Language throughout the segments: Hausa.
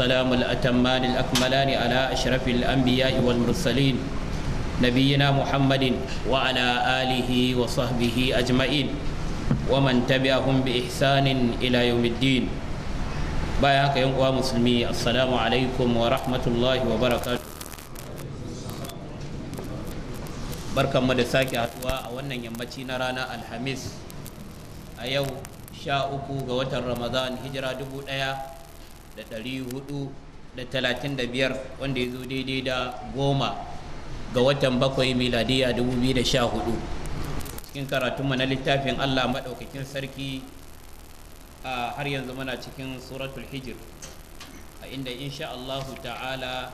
والسلام الأتمان الأكملان على أشرف الأنبياء والمرسلين نبينا محمد وعلى آله وصحبه أجمعين ومن تبعهم بإحسان إلى يوم الدين بايعك يوم مسلمي السلام عليكم ورحمة الله وبركاته barkan mu da sake haduwa a wannan yammaci na ranar alhamis a yau sha uku ga watan ramadan hijira dubu daya da ɗari hudu da talatin da biyar wanda ya zo daidai da goma ga watan bakwai miladiya dubu biyu da sha hudu cikin karatunmu na littafin allah maɗaukakin sarki a har yanzu muna cikin suratul hijir a inda insha allahu ta'ala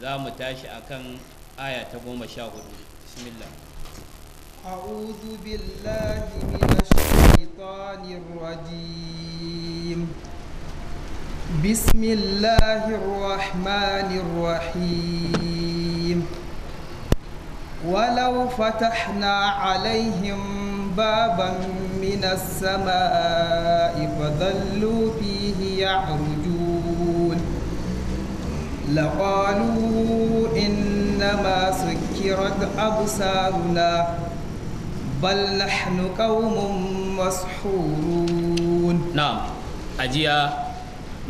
za mu tashi kan aya ta goma sha hudu bismillah أعوذ بالله من الشيطان الرجيم بسم الله الرحمن الرحيم ولو فتحنا عليهم بابا من السماء فظلوا فيه يعرجون لقالوا إنما سكرت أبصارنا بل نحن قوم مسحورون نعم أجيا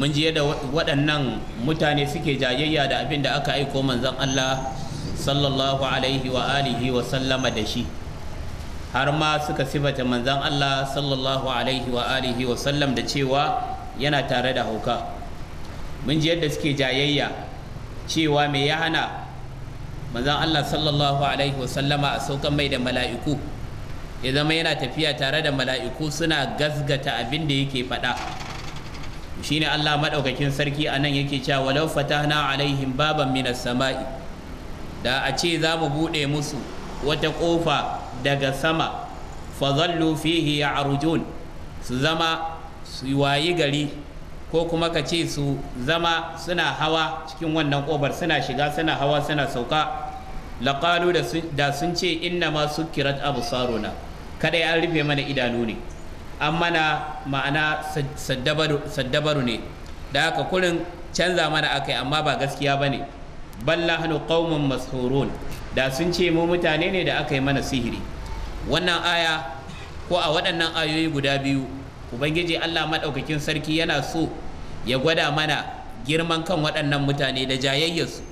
mun ji yadda waɗannan mutane suke jayayya da abin da aka aiko manzon Allah sallallahu alaihi wa alihi wa sallama da shi har ma suka sifata manzon Allah sallallahu alaihi wa alihi wa sallam da cewa yana tare da hauka mun ji yadda suke jayayya cewa me ya hana manzon Allah sallallahu alaihi wa sallama a saukan mai da mala'iku ya zama yana tafiya tare da mala'iku suna gasgata abin da yake faɗa shine Allah madaukakin sarki anan yake cewa walau fatahna alaihim baban minas sama'i da a ce za mu bude musu wata kofa daga sama zallu fihi ya'rujun su zama su wayi gari ko kuma ka ce su zama suna hawa cikin wannan kofar suna shiga suna hawa suna sauka laqalu da sun ce inna ma sukkirat absaruna kada ya rufe mana idanu ne an mana ma'ana saddabaru ne da haka kurin canza mana akai amma ba gaskiya ba ne balla hannu mashurun da sun ce mu mutane ne da aka yi mana sihiri wannan aya ko a waɗannan ayoyi guda biyu ubangiji allah maɗaukakin sarki yana so ya gwada mana girman kan waɗannan mutane da jayayyarsu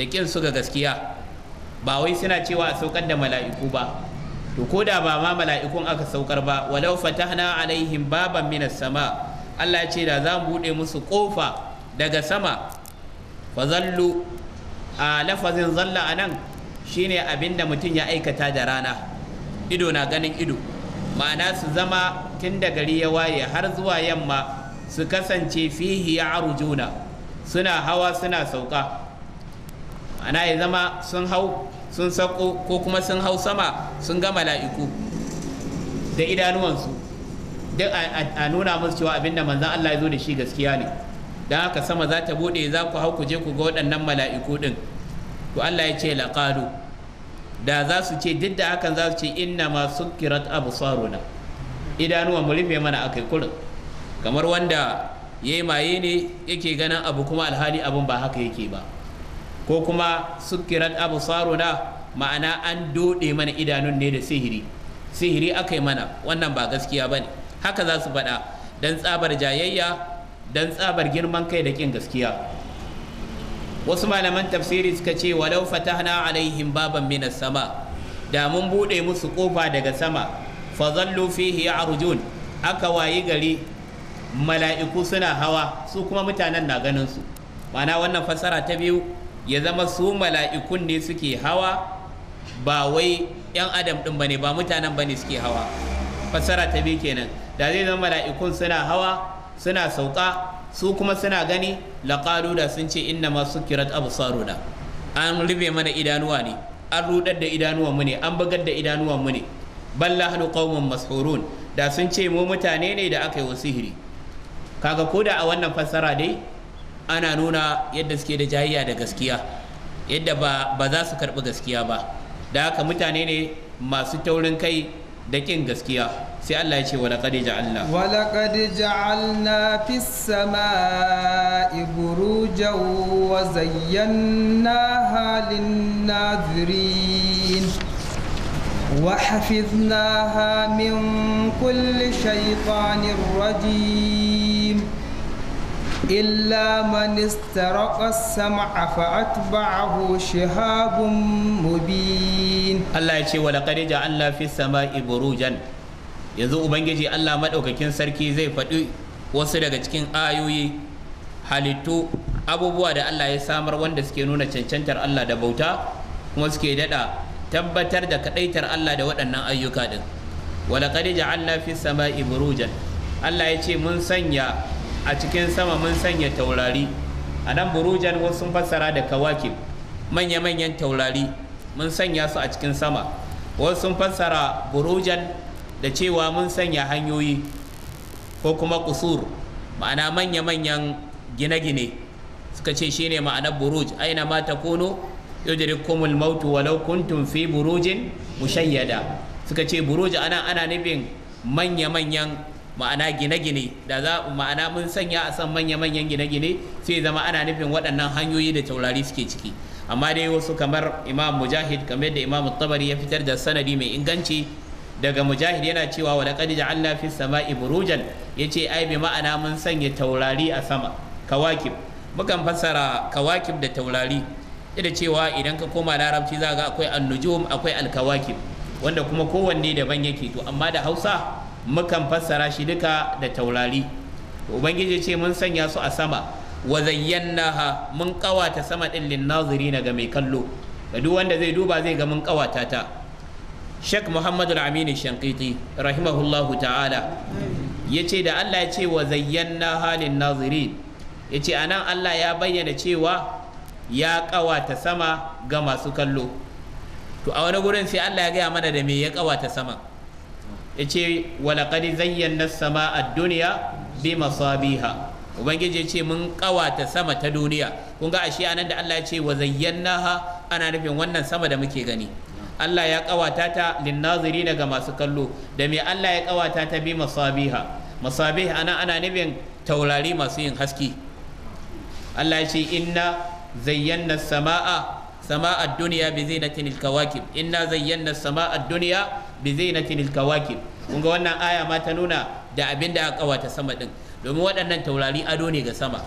da ƙin su ga gaskiya ba wai suna cewa a saukar da mala'iku ba to ko da ba ma mala'ikun aka saukar ba walau fatahna alaihim baban minas sama Allah ce da za mu buɗe musu ƙofa daga sama fa zallu a lafazin zalla a anan shine abinda mutum ya aikata da rana ido na ganin ido ma'ana su zama tun da gari ya waye har zuwa yamma su kasance fihi ya arujuna suna hawa suna sauka ana ya zama sun hau sun sako ko kuma sun hau sama sun ga mala'iku da idanuwansu duk a nuna musu cewa abinda manzan Allah ya zo da shi gaskiya ne don haka sama za ta bude za ku hau ku je ku ga waɗannan mala'iku ɗin to Allah ya ce laƙalu da za su ce duk da hakan za su ce inna ma sukkirat absaruna idanuwan mu rufe mana akai kurin kamar wanda yayi maye ne yake ganin abu kuma alhali abun ba haka yake ba ko kuma abu saruna ma'ana an dode mana idanun ne da sihiri sihiri aka yi mana wannan ba gaskiya bane haka za su faɗa don tsabar jayayya don tsabar girman kai da kin gaskiya wasu malaman tafsiri suka ce walau fatahna alaihim baban minas sama da mun bude musu kofa daga sama fa zallu fihi arjun aka wayi gari mala'iku suna hawa su kuma mutanen na ganin su ma'ana wannan fassara ta biyu ya zama su mala'ikun ne suke hawa ba wai 'yan adam ɗin ba ne ba mutanen ba suke hawa Fasara ta biyu kenan da zai zama mala'ikun suna hawa suna sauka su kuma suna gani laƙalu da sun ce inna ma sukirat absaruna an rufe mana idanuwa ne an rudar da idanuwan mu ne an bugar da idanuwan mu ne balla hadu mashurun da sun ce mu mutane ne da aka yi wa sihiri kaga koda a wannan fasara dai ana nuna yadda suke da jayayya da gaskiya yadda ba ba za su karbi gaskiya ba da haka mutane ne masu taurin kai da kin gaskiya sai Allah ya ce wa laqad ja'alna wa laqad ja'alna fis samaa'i burujaw wa zayyanaha lin nadhirin وحفظناها من كل شيطان رجيم إلا من استرق السمع فأتبعه شهاب مبين الله يشي ولقد جعلنا في السماء بروجا yanzu ubangiji Allah maɗaukakin sarki zai faɗi wasu daga cikin ayoyi halittu abubuwa da Allah ya samar wanda suke nuna cancantar Allah da bauta kuma suke daɗa tabbatar da kaɗaitar Allah da waɗannan ayyuka ɗin walaƙad ja'alna fi sama'i burujan Allah ya ce mun sanya a cikin sama mun sanya taurari a nan burujan wasu fassara da kawaki manya-manyan taurari mun sanya su a cikin sama wasu fassara burujan da cewa mun sanya hanyoyi ko kuma kusur ma'ana manya-manyan gine-gine suka ce shine ma'anar buruj aina ma ta takunu yudrikumul mautu walau kuntum fi burujin mushayyada suka ce buruj ana ana nufin manya-manyan ma'ana gine-gine da za ma'ana mun sanya a san manya-manyan gine-gine sai zama ana nufin waɗannan hanyoyi da taurari suke ciki amma dai wasu kamar imam mujahid kamar yadda imam tabari ya fitar da sanadi mai inganci daga mujahid yana cewa wa laqad ja'alna fis sama'i burujan yace ai bi ma'ana mun sanya taurari a sama kawakib mukan fassara kawakib da taurari da cewa idan ka koma larabci za ga akwai annujum akwai alkawakib wanda kuma kowanne daban yake to amma da Hausa mukan fassara shi duka da taurari ubangiji ce mun sanya su a sama wa ha mun kawata sama din na ga mai kallo ga duk wanda zai duba zai ga mun kawata ta Sheikh Muhammadu Aminu Shankiti rahimahullahu ta'ala ya ce da Allah ya ce wa zayyanna halin naziri ya ce a nan Allah ya bayyana cewa ya kawata sama ga masu kallo to a wani gurin sai Allah ya gaya mana da me ya kawata sama ya ce walaƙari zayyana sama a duniya bi masabiha ubangiji ya ce mun kawata sama ta duniya kun ga ashe anan da Allah ya ce wa zayyana ha ana nufin wannan sama da muke gani Allah ya kawata ta linnaziri daga masu kallo da me Allah ya kawata ta bi masabiha masabih ana ana nufin taurari masu yin haske Allah ya ce inna zayyana sama'a sama'a duniya bi zinatin kawakib inna zayyana sama'a duniya bi zinati lil kawakib kun ga wannan aya ma ta nuna da abin da aka kawata sama din domin waɗannan taurari ado ne ga sama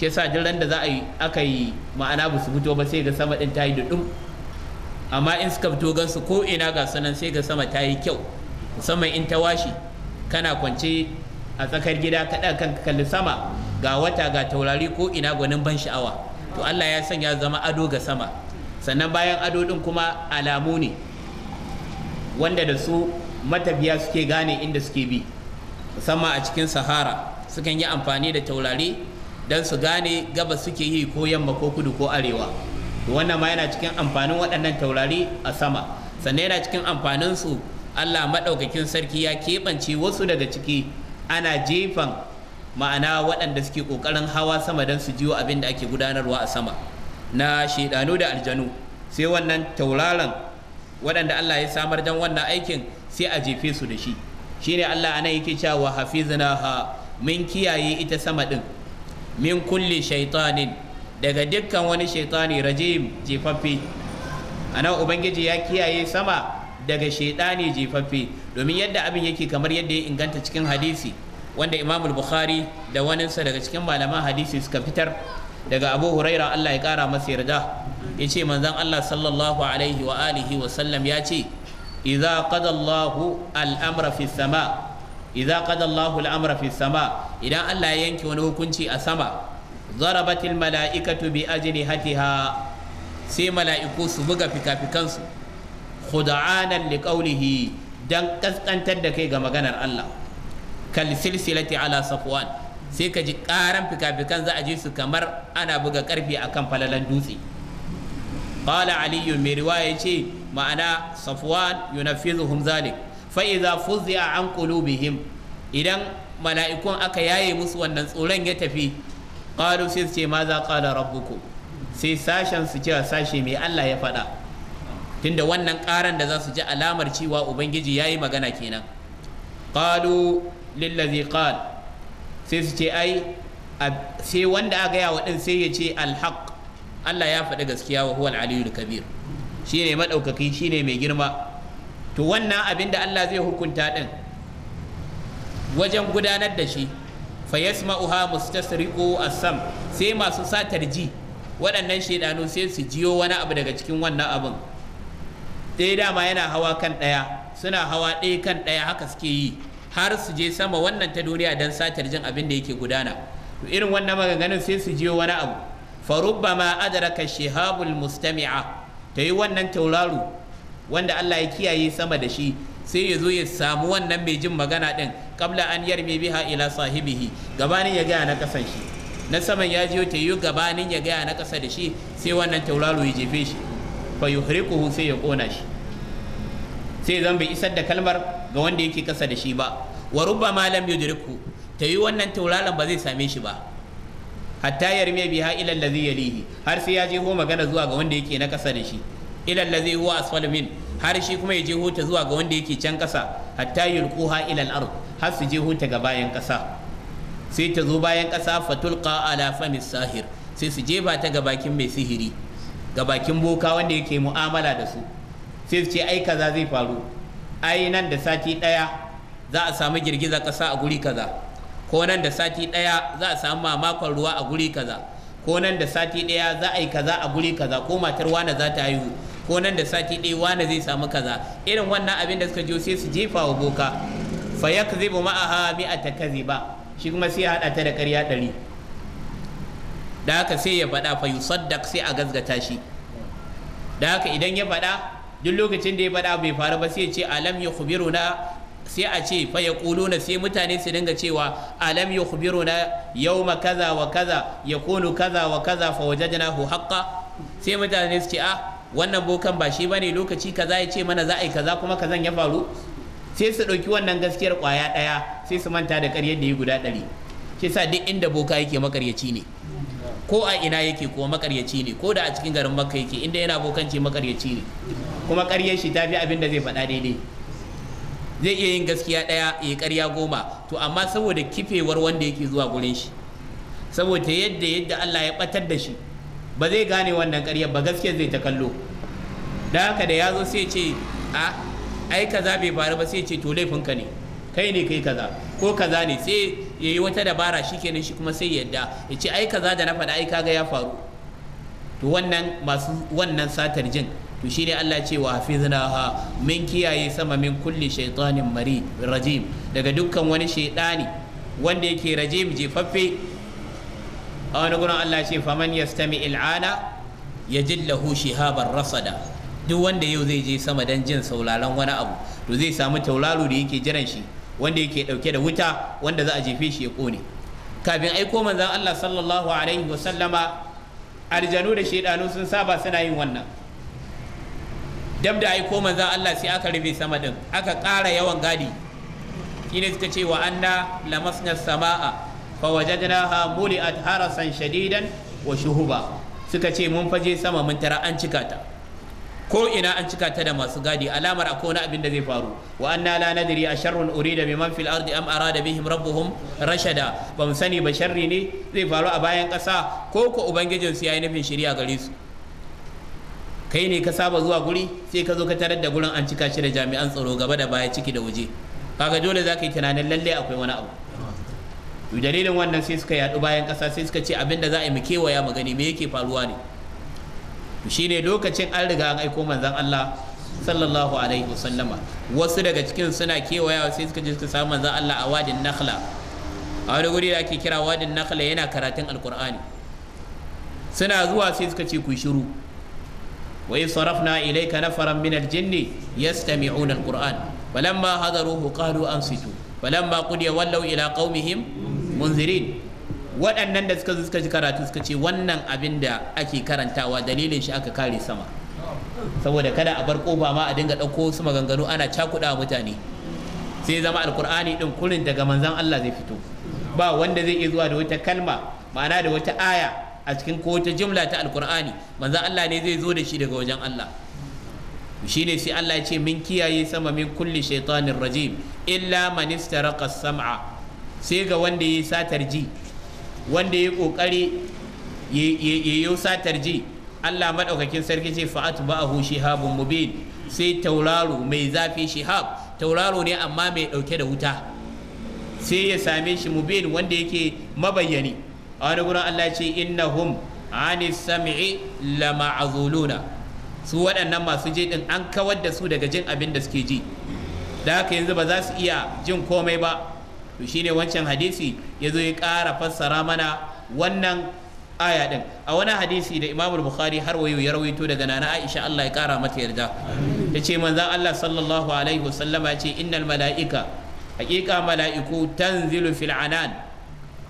shi yasa duk da za a yi aka yi ma'ana ba su fito ba sai ga sama din ta yi amma in suka fito gan su ko ina ga sanan sai ga sama ta yi kyau musamman in ta washe kana kwance a tsakar gida kaɗa kan kalli sama ga wata ga taurari ko ina gwanin ban sha'awa to Allah ya sanya zama ado ga sama sannan bayan ado din kuma alamu ne wanda da su matafiya suke gane inda suke bi musamman a cikin sahara sukan yi amfani da taurari don su gane gaba suke yi ko yamma ko kudu ko arewa wannan ma yana cikin amfanin waɗannan taurari a sama sannan yana cikin amfanin su allah maɗaukakin sarki ya keɓance wasu daga ciki ana jefan ma'ana waɗanda suke ƙoƙarin hawa sama don su jiwo abin da ake gudanarwa a sama na shaidanu da aljanu sai wannan tauraron waɗanda Allah ya samar dan wannan aikin sai a jefe su da shi shi ne Allah anan yake cewa hafiznaha min kiyaye ita sama din min kulli shaitanin daga dukkan wani shaitani rajim jefaffe anan ubangiji ya kiyaye sama daga shaitani jefaffe domin yadda abin yake kamar yadda ya inganta cikin hadisi wanda imamul bukhari da waninsa daga cikin malaman hadisi suka fitar daga abu huraira allah ya kara masa yarda ya ce manzan allah sallallahu alaihi wa alihi wa sallam ya ce idza qada allahu al'amra fi sama idza qada allahu al'amra fi sama idan allah ya yanke wani hukunci a sama zarabatil mala'ikatu bi hatiha sai mala'iku su buga fikafikansu khuda'anan liqaulihi dan kaskantar da kai ga maganar allah kal silsilati ala safwan sai ka ji karan fikafikan za a ji su kamar ana buga karfi akan falalan dutse qala aliyu mai riwaya ce ma'ana safwan yunafizuhum zalik fa idza fuzza an qulubihim idan mala'ikun aka yaye musu wannan tsoron ya tafi qalu sai su ce ma za qala rabbukum sai sashen su cewa sashe mai Allah ya faɗa tunda wannan ƙaran da za su ji alamar cewa ubangiji yayi magana kenan qalu lillazi qala sai su ce ai sai wanda aka gaya wa din sai ya ce alhaq Allah ya faɗi gaskiya wa huwal aliyul kabir shine madaukaki shine mai girma to wannan abin da Allah zai hukunta din wajen gudanar da shi fayasma'uha mustasriqu asam sam sai masu satar ji waɗannan shaidanu sai su jiyo wani abu daga cikin wannan abin ɗaya dama yana hawa kan ɗaya suna hawa ɗaya kan ɗaya haka suke yi har su je sama wannan ta duniya don satar jin abin da yake gudana to irin wannan maganganun sai su jiyo wani abu farubba ma adraka shihabul mustami'a ta yi wannan tauraro wanda Allah ya kiyaye sama da shi sai ya zo ya samu wannan mai jin magana ɗin kabla an yar mai biha ila sahibihi gabanin ya gaya na kasan shi na saman ya jiyo ta yi gabanin ya gaya na kasa da shi sai wannan tauraro ya jefe shi fa yuhriquhu sai ya ƙona shi sai zan bai isar da kalmar ga wanda yake kasa da shi ba wa rubba ma lam yudriku ta yi wannan tauraron ba zai same shi ba hatta yarmiya biha ila allazi yalihi har sai ya je ho magana zuwa ga wanda yake na kasa da shi ila allazi huwa asfal min har shi kuma ya je ta zuwa ga wanda yake can kasa hatta yulquha ila al-ard har su je ta ga bayan kasa sai ta zo bayan kasa fatulqa ala famis sahir sai su jefa ta ga bakin mai sihiri ga bakin boka wanda yake mu'amala da su sai ce ai kaza zai faru ai nan da sati ɗaya za a samu girgizar ƙasa a guri kaza ko nan da sati ɗaya za a samu mamakon ruwa a guri kaza ko nan da sati ɗaya za a yi kaza a guri kaza ko matar wane za ta haihu ko nan da sati ɗaya wane zai samu kaza irin wannan abin da suka jiyo sai su jefa wa boka fa yakzibu ma'aha mi'ata kaziba shi kuma sai ya haɗa ta da ƙarya ɗari da haka sai ya faɗa fa yusaddaq sai a gazgata shi da haka idan ya faɗa duk lokacin da ya faɗa bai faru ba sai ce alam ya na sai a ce fa ya na sai mutane su dinga cewa alam ya na yau ma kaza wa kaza ya kunu kaza wa kaza fa wajajna hu haƙƙa sai mutane su ce a ah, wannan bokan ba shi bane lokaci kaza ya ce mana za a yi kaza kuma kazan ya faru sai su ɗauki wannan gaskiyar ƙwaya ɗaya sai su manta da ƙaryar da ya guda ɗari shi sa duk inda boka yake makaryaci ne ko a ina yake ko makaryaci ne ko da a cikin garin makka yake inda yana bokanci makaryaci ne kuma karyar shi ta fi abin da zai faɗa daidai zai iya yin gaskiya ɗaya ya karya goma to amma saboda kifewar wanda yake zuwa gurin shi saboda yadda yadda Allah ya ɓatar da shi ba zai gane wannan karyar ba gaskiya zai ta kallo da haka da ya zo sai ce a ai kaza bai faru ba sai ce to laifinka ne kai ne kai kaza ko kaza ne sai ya yi wata dabara shi kenan shi kuma sai yadda ya ce ai kaza da na faɗa ai kaga ya faru to wannan masu wannan satar jin to ne Allah ce wa hafiznaha min kiyaye sama min kulli shaytanin mari rajim daga dukkan wani shaydani wanda yake rajim jefaffe a wani gurin Allah ce faman yastami il'ana yajid lahu shihaban rasada duk wanda yau zai je sama dan jin sauraron wani abu to zai samu tauraro da yake jiran shi wanda yake dauke da wuta wanda za a jefe shi ya kone kafin aiko manzan Allah sallallahu alaihi wasallama aljanu da shaidanu sun saba suna yin wannan dab da aiko manzan Allah sai aka rufe sama din aka ƙara yawan gadi shine suka ce wa anna lamasna samaa fa wajadnaha muli'at harasan shadidan wa shuhuba suka ce mun faje sama mun tara an cika ta ko ina an cika ta da masu gadi alamar a kona abin da zai faru wa anna la nadri a urida bi man fil ardi am arada bihim rabbuhum rashada ba mu sani ba sharri ne zai faru a bayan kasa ko ko ubangijin su yayi nufin shari'a gare su kai ne ka saba zuwa guri sai ka zo ka tarar da gurin an cika shi da jami'an tsaro gaba da baya ciki da waje kaga dole zaka yi tunanin lallai akwai wani abu dalilin wannan sai suka yadu bayan kasa sai suka ce abin da za a yi mu kewaya mu gani me yake faruwa ne shine lokacin an riga an aiko manzon Allah sallallahu alaihi wasallama wasu daga cikin suna kewayawa sai suka je suka samu manzon Allah a wadin nakhla a wani guri da ake kira wadin nakhla yana karatun alkur'ani suna zuwa sai suka ce ku shiru wa sarafna ilayka nafaran min aljinn yastami'una alqur'an falamma hadaruhu qalu ansitu falamma qudiya wallaw ila qaumihim munzirin waɗannan da suka suka ji karatu suka ce wannan abin da ake karantawa dalilin shi aka kare sama saboda kada a bar kofa ma a dinga ɗauko su maganganu ana cakuɗa mutane sai zama alkur'ani ɗin kurin daga manzan Allah zai fito ba wanda zai iya zuwa da wata kalma ma'ana da wata aya a cikin ko wata jimla ta alkur'ani manzan Allah ne zai zo da shi daga wajen Allah shine sai Allah ya ce min kiyaye sama min kulli shaitanin rajim illa man istaraqa sam'a sai ga wanda ya satar ji wanda ya kokari ya yi satar ji Allah maɗaukakin sarki ce fa'at ba'ahu shihabun mubin sai tauraro mai zafi shihab tauraro ne amma mai ɗauke da wuta sai ya same shi mubin wanda yake mabayyani a wani gurin Allah ce innahum anis sam'i lama'azuluna su waɗannan masu je an kawar da su daga jin abin da suke ji da haka yanzu ba za su iya jin komai ba to ne wancan hadisi ya zo ya ƙara fassara mana wannan aya ɗin a wani hadisi da Imam Bukhari har wayo ya rawaito daga nana Aisha Allah ya ƙara mata yarda ta ce manzon Allah sallallahu alaihi wasallama ce innal mala'ika haƙiƙa mala'iku tanzilu fil anan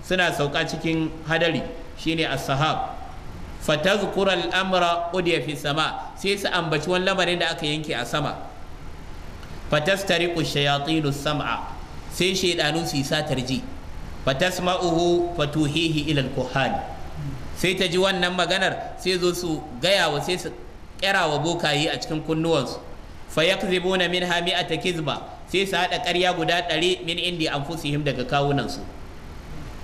suna sauka cikin hadari shine as-sahab fatazkura al-amra udiya fi sama sai su ambaci wani lamarin da aka yanke a sama fatastariqu shayatinu sam'a sai shaidanu su yi satar ji fatasma'uhu fatuhihi ila al sai ta ji wannan maganar sai zo su gaya wa sai su kera wa bokaye a cikin kunnuwansu fa yakzibuna minha mi'ata kizba sai su hada ƙarya guda ɗari min indi anfusihim daga kawunansu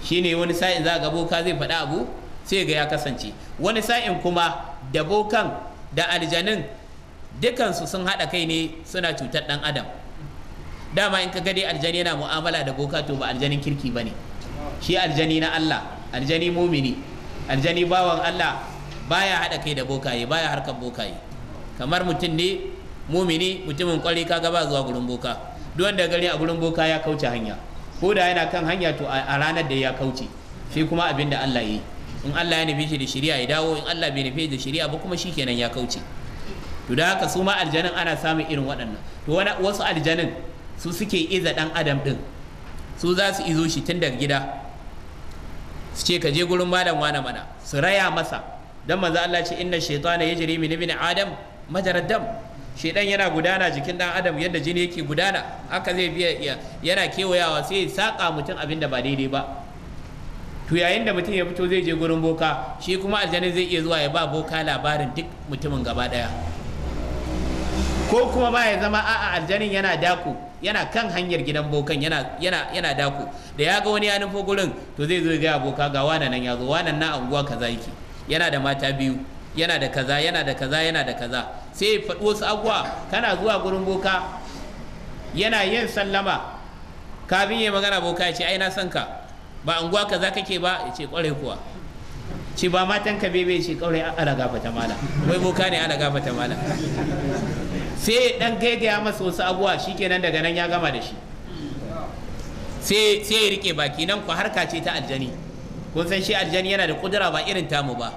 shine wani sa'in za ga boka zai faɗa abu sai ga ya kasance wani sa'in kuma da bokan da aljanun dukansu sun haɗa kai ne suna cutar ɗan adam dama in ka ga dai aljani yana mu'amala da boka to ba aljanin kirki ba ne shi aljani na Allah aljani mumini aljani bawan Allah baya hada kai da bokaye baya harkar bokaye kamar mutum ne mumini mutumin kwari ka gaba zuwa gurin boka duk wanda gani a gurin boka ya kauce hanya ko da yana kan hanya to a ranar da ya kauce shi kuma abin da Allah yi in Allah ya nufi shi da shari'a ya dawo in Allah bai nufi da shari'a ba kuma shikenan ya kauce to da haka su ma aljanin ana samun irin waɗannan to wasu aljanin su suke iza dan adam din su za su izo shi tun daga gida su ce ka je gurin malam wane mana su raya masa don manzo Allah ce inna shaytana yajri min ibn adam majarad dam shedan yana gudana jikin dan adam yadda jini yake gudana haka zai biya iya yana kewayawa sai ya saka mutum abin da ba daidai ba to yayin da mutum ya fito zai je gurin boka shi kuma aljanin zai iya zuwa ya ba boka labarin duk mutumin gaba ɗaya ko kuma ba ya zama a'a aljanin yana dako yana kan hanyar gidan bokan yana yana yana dako da ya ga wani ya nufo gurin to zai zo ga aboka ga wannan nan ya zo wannan na anguwa kaza yake yana da mata biyu yana da kaza yana da kaza yana da kaza sai ya faɗi wasu abuwa kana zuwa gurin boka yana yin sallama kafin ya magana boka ya ce ai na san ka ba anguwa kaza kake ba ya ce kwarai kuwa ce ba matan ka bebe ce kaurai ala gafata mala wai boka ne ala gafata mala sai dan gaigaya masa wasu abuwa shikenan daga nan ya gama da shi sai sai ya rike baki nan ku harka ce ta aljani kun san shi aljani yana da kudura ba irin tamu ba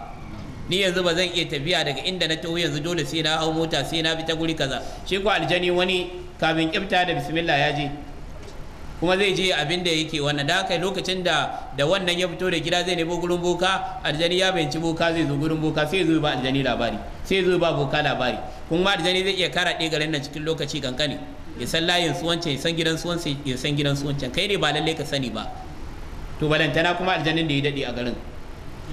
ni yanzu ba zan iya tafiya daga inda na taho yanzu dole sai na hau mota sai na bi ta guri kaza shi ko aljani wani kafin kifta da bismillah ya je kuma zai je abin da yake wannan da haka lokacin da da wannan ya fito da gida zai nemo gurin boka aljani ya bayanci boka zai zo gurin boka sai zo ba aljani labari sai zo ba boka labari kuma da zai iya ɗaya garin nan cikin lokaci kankani ya san layin suwancin ya san gidan suwancin ya san gidan suwancin kai ne ba lallai ka sani ba to balantana kuma aljanin da ya daɗe a garin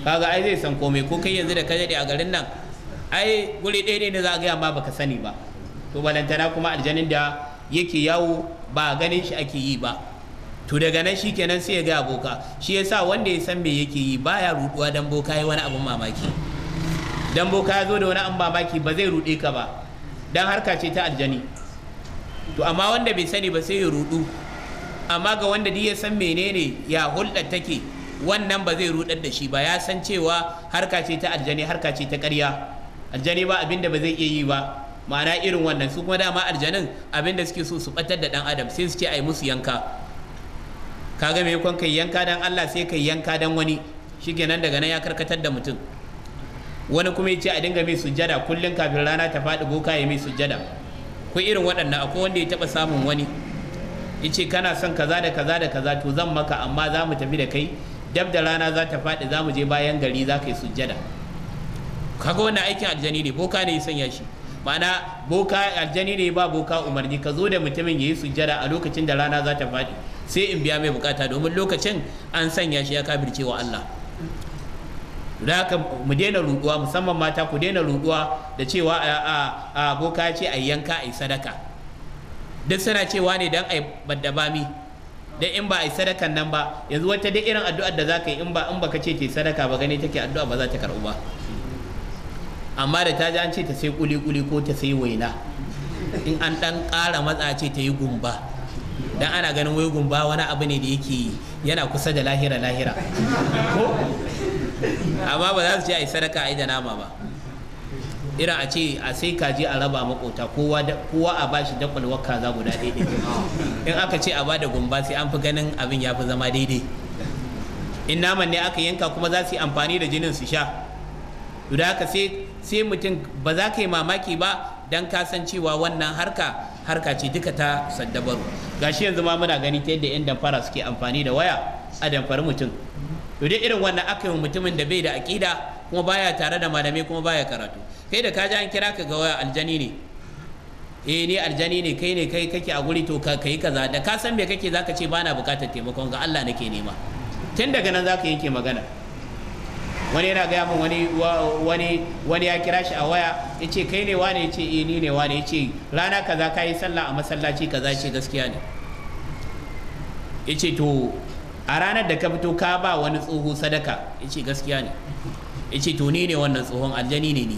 kaga ai zai san komai ko kai yanzu da ka daɗe a garin nan ai guri ɗaya ne za a gaya ma baka sani ba to balantana kuma aljanin da yake yawo ba ganin shi ake yi ba to daga nan shi kenan sai ya ga boka shi yasa wanda ya san me yake yi baya ruɗuwa dan boka yi wani abun mamaki dan boka ka zo da wani an baki ba zai ruɗe ka ba dan harka ce ta aljani to amma wanda bai sani ba sai ya rudu amma ga wanda ya san menene ya hulɗar take wannan ba zai rudar da shi ba ya san cewa harka ce ta aljani harka ce ta ƙarya aljani ba abin da ba zai iya yi ba ma'ana irin wannan su kuma dama aljanin abin da suke so su batar da dan adam sai su ce ai musu yanka kaga maimakon kai yanka dan Allah sai kai yanka dan wani nan daga nan ya karkatar da mutum wani kuma ya ce a dinga mai sujjada kullum kafin rana ta faɗi boka ya mai sujjada ko irin waɗannan akwai wanda ya taɓa samun wani ya ce kana son kaza da kaza da kaza to zan maka amma za mu tafi da kai dab da rana za ta faɗi za mu je bayan gari za ka yi sujjada kaga wannan aikin aljani ne boka ne ya sanya shi ma'ana boka aljani ne ba boka umarni ka zo da mutumin ya yi sujjada a lokacin da rana za ta faɗi sai in biya mai bukata domin lokacin an sanya shi ya kabirce wa Allah da ka mu daina ruduwa musamman mata ku daina ruduwa da cewa a boka ce a yanka a yi sadaka duk suna cewa ne don a yi baddabami don in ba a yi sadakan nan ba yanzu wata duk irin addu'a da za ka yi in ba in baka ce yi sadaka ba gani take addu'a ba za ta karɓu ba amma da ta ji an ce ta sai kuli kuli ko ta sai waina in an ɗan ƙara matsa ce ta yi gumba dan ana ganin wai gumba wani abu ne da yake yana kusa da lahira lahira amma ba za su ce a yi sadaka a yi da nama ba irin a ce a sai kaji a raba makota kowa a bashi dakwalwar za guda daidai in aka ce a ba da gumba sai an fi ganin abin ya fi zama daidai in naman ne aka yanka kuma za su yi amfani da jinin su sha da haka sai mutum ba za ka yi mamaki ba don cewa wannan harka harka ce duka ta saddabaru gashi yanzu ma muna gani ta yadda 'yan damfara suke amfani da waya a damfari mutum to irin wannan aka yi mutumin da bai da aƙida kuma baya tare da malamai kuma baya karatu kai da ka ji an kira ka ga waya aljani ne eh ni aljani ne kai ne kai kake a guri to ka kai kaza da ka san me kake zaka ce bana bukatar taimakon ga Allah nake nema tun daga nan zaka yanke magana wani yana gaya min wani wani wani ya kira shi a waya ya ce kai ne wane ya ce eh ni ne wane ya ce rana kaza ka yi sallah a masallaci kaza ce gaskiya ne ya ce to a ranar da ka fito ka ba wani tsoho sadaka ya ce gaskiya ne ya ce to ni ne wannan tsohon aljani ne ni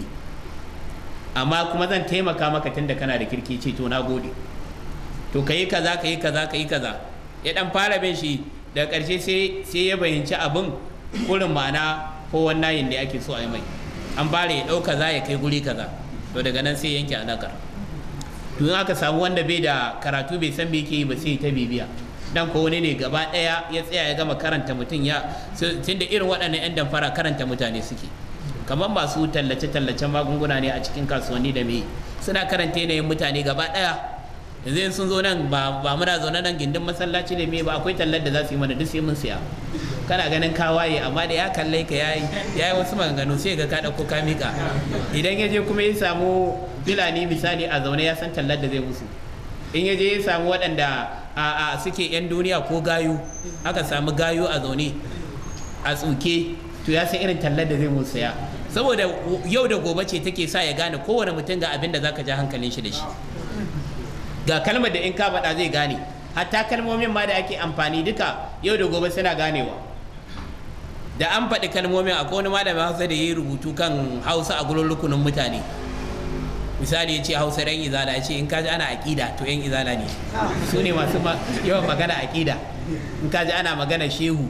amma kuma zan taimaka maka tun da kana da kirki ce to na gode to ka yi kaza ka yi kaza ka yi kaza ya dan fara bin shi da ƙarshe sai ya bayyanci abin kurin ma'ana ko wannan ne ake so a yi mai an fara ya ɗau kaza ya kai guri kaza to daga nan sai yanke alakar to in aka samu wanda bai da karatu bai san me yake yi ba sai ta bibiya dan ko wani ne gaba daya ya tsaya ya gama karanta mutum ya tunda irin waɗannan yan damfara karanta mutane suke kamar masu tallace tallacen magunguna ne a cikin kasuwanni da me suna karanta yanayin mutane gaba daya yanzu sun zo nan ba muna zaune nan gindin masallaci da mai ba akwai tallar da za su yi mana duk sai mun siya kana ganin kawaye amma da ya kalle ka yayi yayi wasu maganganu sai ga ka dauko ka mika idan ya je kuma ya samu bilani misali a zaune ya san tallar da zai musu in ya je ya samu waɗanda a suke 'yan duniya ko gayu aka samu gayu a zaune a tsuke to ya san irin tallar da zai mu saya saboda yau da gobe ce take sa ya gane kowane mutum ga abin da zaka ja hankalin shi da shi ga kalmar da in ka faɗa zai gane hatta kalmomin ma da ake amfani duka yau da gobe suna ganewa da an faɗi kalmomin akwai wani malamin hausa da ya yi rubutu kan hausa a gurin rukunin mutane misali ya ce hausa ran izala ya ce in kaji ana aƙida to yan izala ne su ne masu yawan magana aƙida in kaji ana magana shehu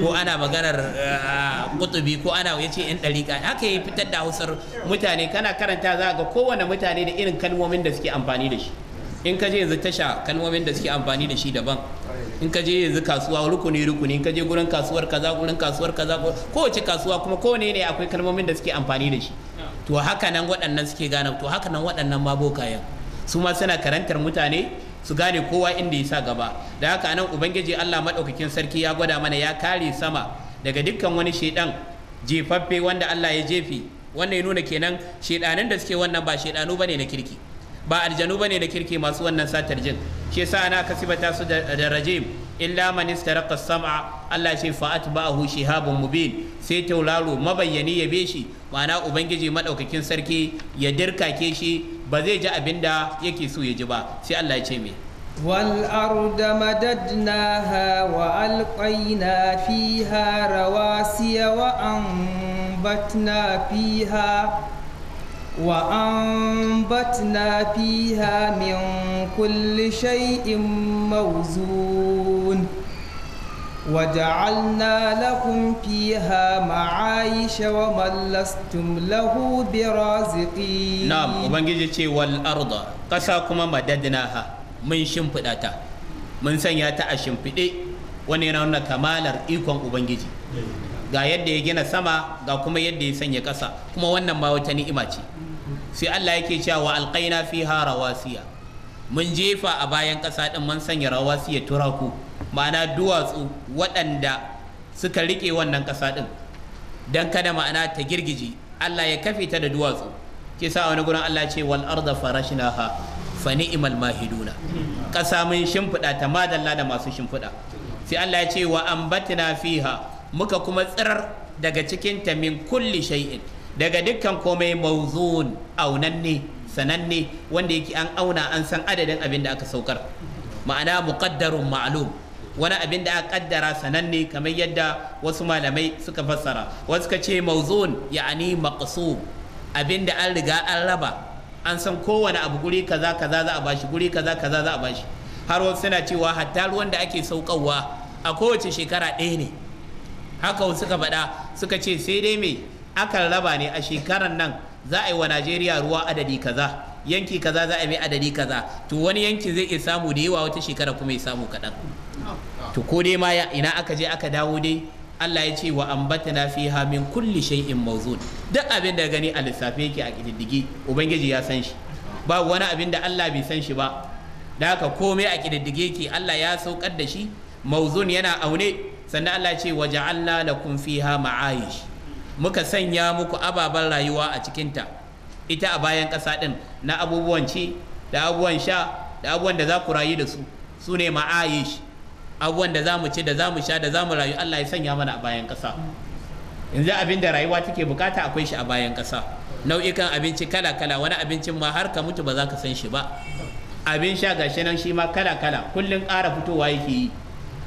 ko ana maganar kutubi ah, ko ana ya ce yan ɗariƙa haka ya fitar da hausar mutane kana karanta za ga kowane mutane da irin kalmomin da suke amfani da shi in kaje yanzu tasha kalmomin da suke amfani da shi daban in kaje yanzu kasuwa rukuni rukuni in kaje gurin kasuwar kaza gurin kasuwar kaza kowace kasuwa kuma kowane ne akwai kalmomin da suke amfani da shi to haka nan waɗannan suke gane to haka nan waɗannan ma bokayen su ma suna karantar mutane su gane kowa inda ya sa gaba da haka nan ubangiji Allah madaukakin sarki ya gwada mana ya kare sama daga dukkan wani shedan jefaffe wanda Allah ya jefi wannan ya nuna kenan shedanin da suke wannan ba shedanu bane na kirki ba aljanu bane na kirki masu wannan satar jin shi yasa ana kasibata su da rajim illa man istaraqa sam'a Allah ce fa atba'ahu shihabun mubin sai tauraro mabayyani ya be shi ma'ana ubangiji madaukakin sarki ya dirkake shi ba zai ji abin da yake so ya ji ba sai Allah ya ce me والأرض مددناها وألقينا فيها رواسي وأنبتنا فيها وأنبتنا فيها من كل شيء موزون وجعلنا لكم فيها معايش ومن لستم له برازقين نعم وبنجي والأرض قساكما مددناها من شمفداتا من سنياتا أشمفدي ونينا كمالر إيكم وبنجي ga yadda ya gina sama ga kuma yadda ya sanya ƙasa kuma wannan ma wata ni'ima ce sai Allah yake cewa wa alqaina fiha rawasiya mun jefa a bayan ƙasa din mun sanya rawasiya turaku ma'ana duwatsu waɗanda suka rike wannan ƙasa din dan kada ma'ana ta girgije Allah ya kafe ta da duwatsu ke sa wani gurin Allah ce wal arda farashnaha fa ni'mal mahiduna ƙasa mun shimfida ta madalla da masu shimfida sai Allah ya ce wa ambatna fiha muka kuma tsirar daga cikin ta min kulli shay'in daga dukkan komai mauzun aunanne sananne wanda yake an auna an san adadin abin da aka saukar ma'ana muqaddarun ma'lum wani abin da aka kaddara sananne kamar yadda wasu malamai suka fassara wasu ka ce mauzun ya'ani maqsub abin da an riga an raba an san kowane abu guri kaza kaza za a bashi guri kaza kaza za a bashi har wasu suna cewa hatta ruwan da ake saukarwa a kowace shekara ɗaya ne haka wasu suka faɗa suka ce sai dai me. akan raba ne a shekarar nan za a yi wa najeriya ruwa adadi kaza yanki kaza za a yi adadi kaza to wani yanki zai iya samu da yawa wata shekara kuma ya samu kaɗan to ko dai ma ina aka je aka dawo dai Allah ya ce wa na fi min kulli in mawzun duk abin da gani a lissafe yake a kididdige, ubangiji ya san shi ba wani abin da Allah bai san shi ba da haka komai a kididdige yake Allah ya saukar da shi mawzun yana aune sannan Allah ya ce wa ja'alna lakum fiha ma'ayish muka sanya muku ababen rayuwa a cikinta ita a bayan ƙasa ɗin na abubuwan ci da abubuwan sha da abubuwan da za ku rayu da su su ne ma'ayish abubuwan da za mu ci da za mu sha da za mu rayu Allah ya sanya mana a bayan ƙasa yanzu abin da rayuwa take bukata akwai shi a bayan ƙasa nau'ikan abinci kala kala wani abincin ma har ka mutu ba za ka san shi ba abin sha gashi nan shi ma kala kala kullum ƙara fitowa yake yi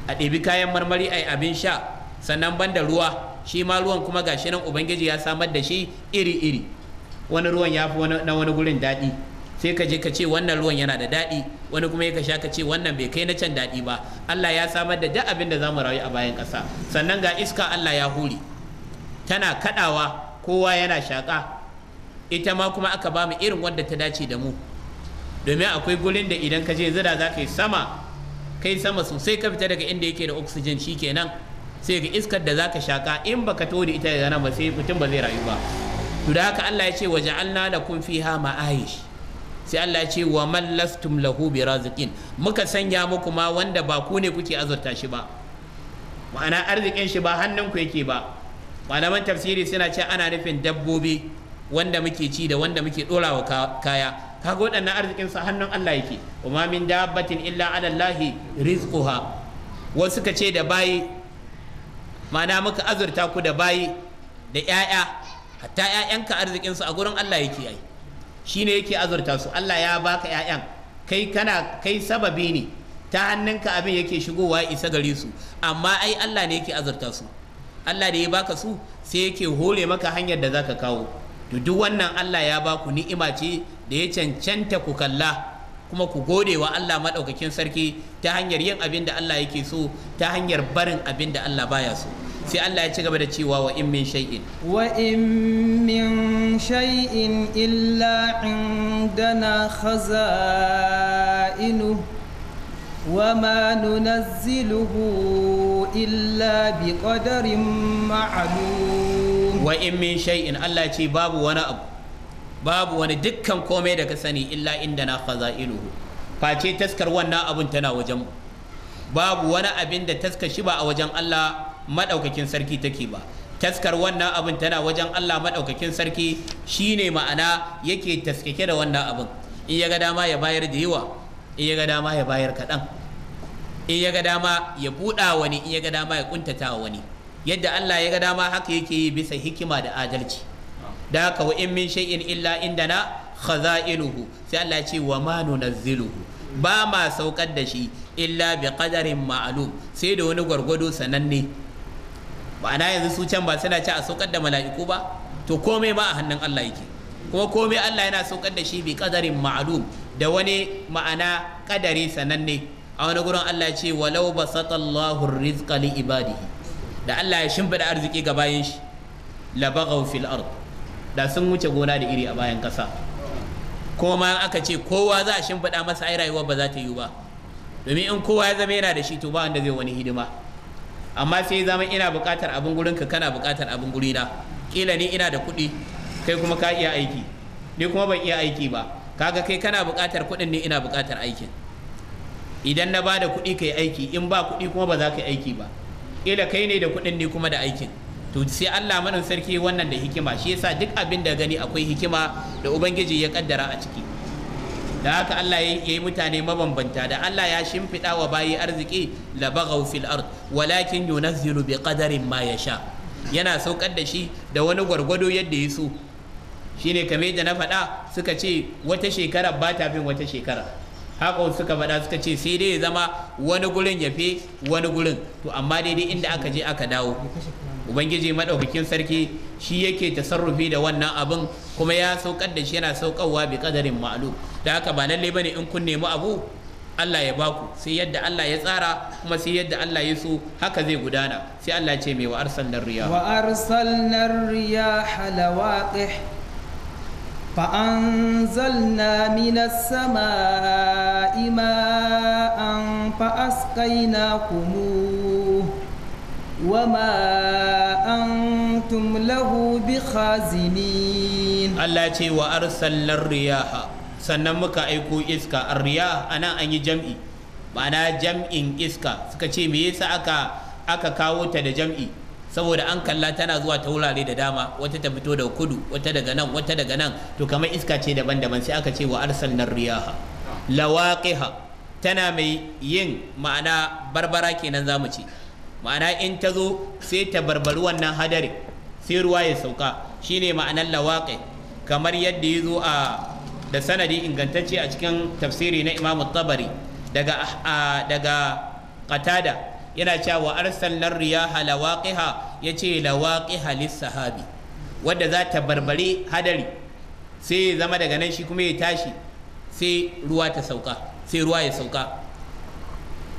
a ɗebi kayan marmari ai abin sha sannan banda ruwa shi ma ruwan kuma ga shi nan ubangiji ya samar da shi iri iri wani ruwan ya fi na wani gurin daɗi sai ka je ka ce wannan ruwan yana da daɗi wani kuma ya sha ka ce wannan bai kai na can daɗi ba Allah ya samar da duk abin da za mu rayu a bayan ƙasa sannan ga iska Allah ya huri tana kaɗawa kowa yana shaƙa ita ma kuma aka ba mu irin wanda ta dace da mu domin akwai gurin da idan ka je zira za ka yi sama kai sama sosai ka fita daga inda yake da oxygen shikenan kenan sai ga iskar da zaka shaka in baka to da ita da nan ba sai mutum ba zai rayu ba to da haka Allah ya ce wa ja'alna lakum fiha ma'aish sai Allah ya ce wa man lastum lahu bi muka sanya muku ma wanda ba ku ne kuke azurta shi ba ma'ana arzikin shi ba hannun ku yake ba malaman tafsiri suna ce ana nufin dabbobi wanda muke ci da wanda muke ɗora wa kaya kaga waɗannan arzikin sa hannun Allah yake wa ma min dabbatin illa ala Allah rizquha wasu ka ce da bayi ma'ana muka azurta ku da bayi da ƴaƴa hatta arzikin arzikinsu a gurin Allah yake yi ne yake azurta su Allah ya baka ƴaƴan kai kana kai sababi ne ta hannunka abin yake shigowa isa gare su amma ai Allah ne yake azurta su Allah da ya baka su sai yake hore maka hanyar da zaka kawo to duk wannan Allah ya baku ni'ima ce da ya cancanta ku kalla kuma ku gode wa Allah maɗaukakin sarki ta hanyar yin abin da Allah yake so ta hanyar barin abin da Allah baya so sai Allah ya ci gaba da cewa wa in min shay'in wa in min shay'in illa indana khaza'inu wa ma nunazziluhu illa bi qadarin ma'lum wa in min shay'in Allah ce babu wani abu babu wani dukkan komai da ka sani illa indana khaza'inuhu face taskar wannan abun tana wajen mu babu wani abin da taska shi ba a wajen Allah madaukakin sarki take ba taskar wannan abin tana wajen Allah maɗaukakin sarki shine ma'ana yake taskake da wannan abin in ya ga dama ya bayar da yawa in ya ga dama ya bayar kaɗan in ya ga dama ya buɗa wani in ya ga dama ya kuntata wani yadda Allah ya ga dama haka yake yi bisa hikima da adalci da haka wa in min shay'in illa indana khaza'iluhu sai Allah ya ce wa ma nunazziluhu ba ma saukar da shi illa bi qadarin ma'lum sai da wani gwargwado sananne ma'ana yanzu su can ba suna ci a saukar da mala'iku ba to komai ma a hannun Allah yake kuma komai Allah yana saukar da shi bi kadarin ma'lum da wani ma'ana kadari sananne a wani gurin Allah ce walau basatallahu rizqa li ibadihi da Allah ya shimfida arziki ga bayan shi labaghaw fil ard da sun wuce gona da iri a bayan kasa kuma aka ce kowa za a shimfida masa ai rayuwa ba za ta yi ba domin in kowa ya zama yana da shi to ba wanda zai wani hidima amma sai zama ina buƙatar abin gurin ka kana buƙatar abin gurina kila ni ina da kuɗi kai kuma ka iya aiki ni kuma ban iya aiki ba kaga kai kana bukatar kuɗin ne ina buƙatar aikin idan na bada da kuɗi kai aiki in ba kuɗi kuma ba za ka yi aiki ba kila kai ne da kuɗin ni kuma da aikin to sai Allah manin sarki wannan da hikima shi yasa duk abin da gani akwai hikima da ubangiji ya kaddara a ciki da haka Allah ya yi mutane mabambanta da Allah ya shimfiɗa wa bayi arziki la baghaw fil ard walakin yunazzilu bi qadarin ma yasha yana saukar da shi da wani gwargwado yadda ya so shine kamar yadda na faɗa suka ce wata shekara ba ta bin wata shekara haka suka faɗa suka ce sai dai ya zama wani gurin ya fi wani gurin to amma daidai inda aka je aka dawo ubangiji maɗaukakin sarki shi yake tasarrufi da wannan abin kuma ya saukar da shi yana saukarwa bi kadarin maalu da haka ba lalle bane in kun nemi abu Allah ya baku sai yadda Allah ya tsara kuma sai yadda Allah ya so haka zai gudana sai Allah ce mai wa arsalnar riya wa arsalnar riya halawaqih fa anzalna minas samaa'i ma'an fa asqaynakum وما أنتم له بخازنين التي وأرسل الرياح سنمك أيكو إسكا anan an yi jam'i. ma'ana jam'in iska suka ce me yasa aka aka kawo ta da jam'i saboda an kalla tana zuwa ta wurare da dama wata ta fito daga kudu wata daga nan wata daga nan to kamar iska ce daban-daban sai aka ce wa arsalnar riyaha lawaqiha tana mai yin ma'ana barbara kenan zamu ce ma'ana in ta zo sai ta barbari wannan hadari sai ruwa ya sauka shine ma'anar lawaƙe kamar yadda ya zo a da sanadi ingantacce a cikin tafsiri na imam tabari daga daga qatada yana cewa arsalnar riyaha lawaqiha yace lawaqiha lis-sahabi wadda za ta barbari hadari sai ya zama daga nan shi kuma ya tashi sai ruwa ta sauka sai ruwa ya sauka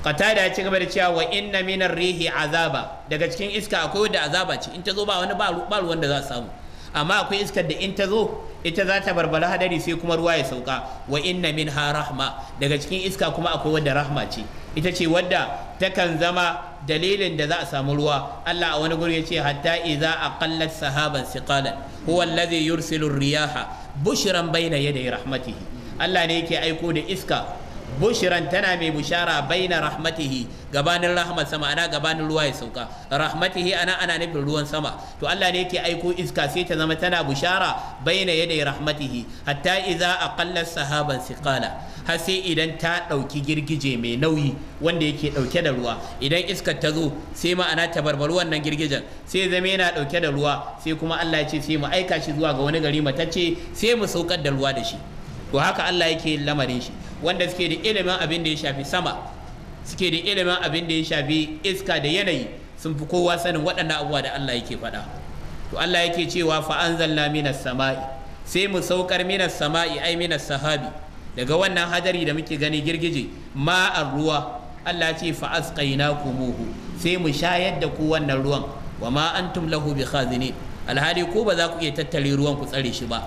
qatada ya ci gaba da cewa wa inna minar rihi azaba daga cikin iska akwai wanda azaba ce in ta zo ba wani ba da za samu amma akwai iska da in ta zo ita za ta barbara hadari sai kuma ruwa ya sauka wa inna minha rahma daga cikin iska kuma akwai wadda rahma ce ita ce wadda takan zama dalilin da za a samu ruwa Allah a wani guri ya ce hatta idza aqallat sahaban siqalan huwa alladhi yursilu riyaha bushran bayna yaday rahmatihi Allah ne yake aiko da iska Bushiran tana mai bushara baina rahmatihi gabanin rahmat sama ana gabanin ruwa ya sauka rahmatihi ana ana nufin ruwan sama to Allah ne yake aiko iska sai ta zama tana bushara baina yadai rahmatihi hatta idza aqalla sahaban siqala har sai idan ta dauki girgije mai nauyi wanda yake dauke da ruwa idan iskar ta zo sai ma'ana ta barbaru wannan girgijen sai zama yana dauke da ruwa sai kuma Allah ya ce sai mu aika shi zuwa ga wani gari matacce sai mu saukar da ruwa da shi to haka Allah yake yin lamarin shi wanda suke da ilimin abin da ya shafi sama suke da ilimin abin da ya shafi iska da yanayi sun fi kowa sanin waɗannan abubuwa da Allah yake faɗa to Allah yake cewa fa anzalna minas sama'i sai mu saukar minas sama'i ai minas sahabi daga wannan hadari da muke gani girgije ma'ar ruwa Allah ce fa asqaynakumuhu sai mu shayar da ku wannan ruwan wa ma antum lahu bikhazinin alhali ko ba za ku iya tattare ruwan ku tsare shi ba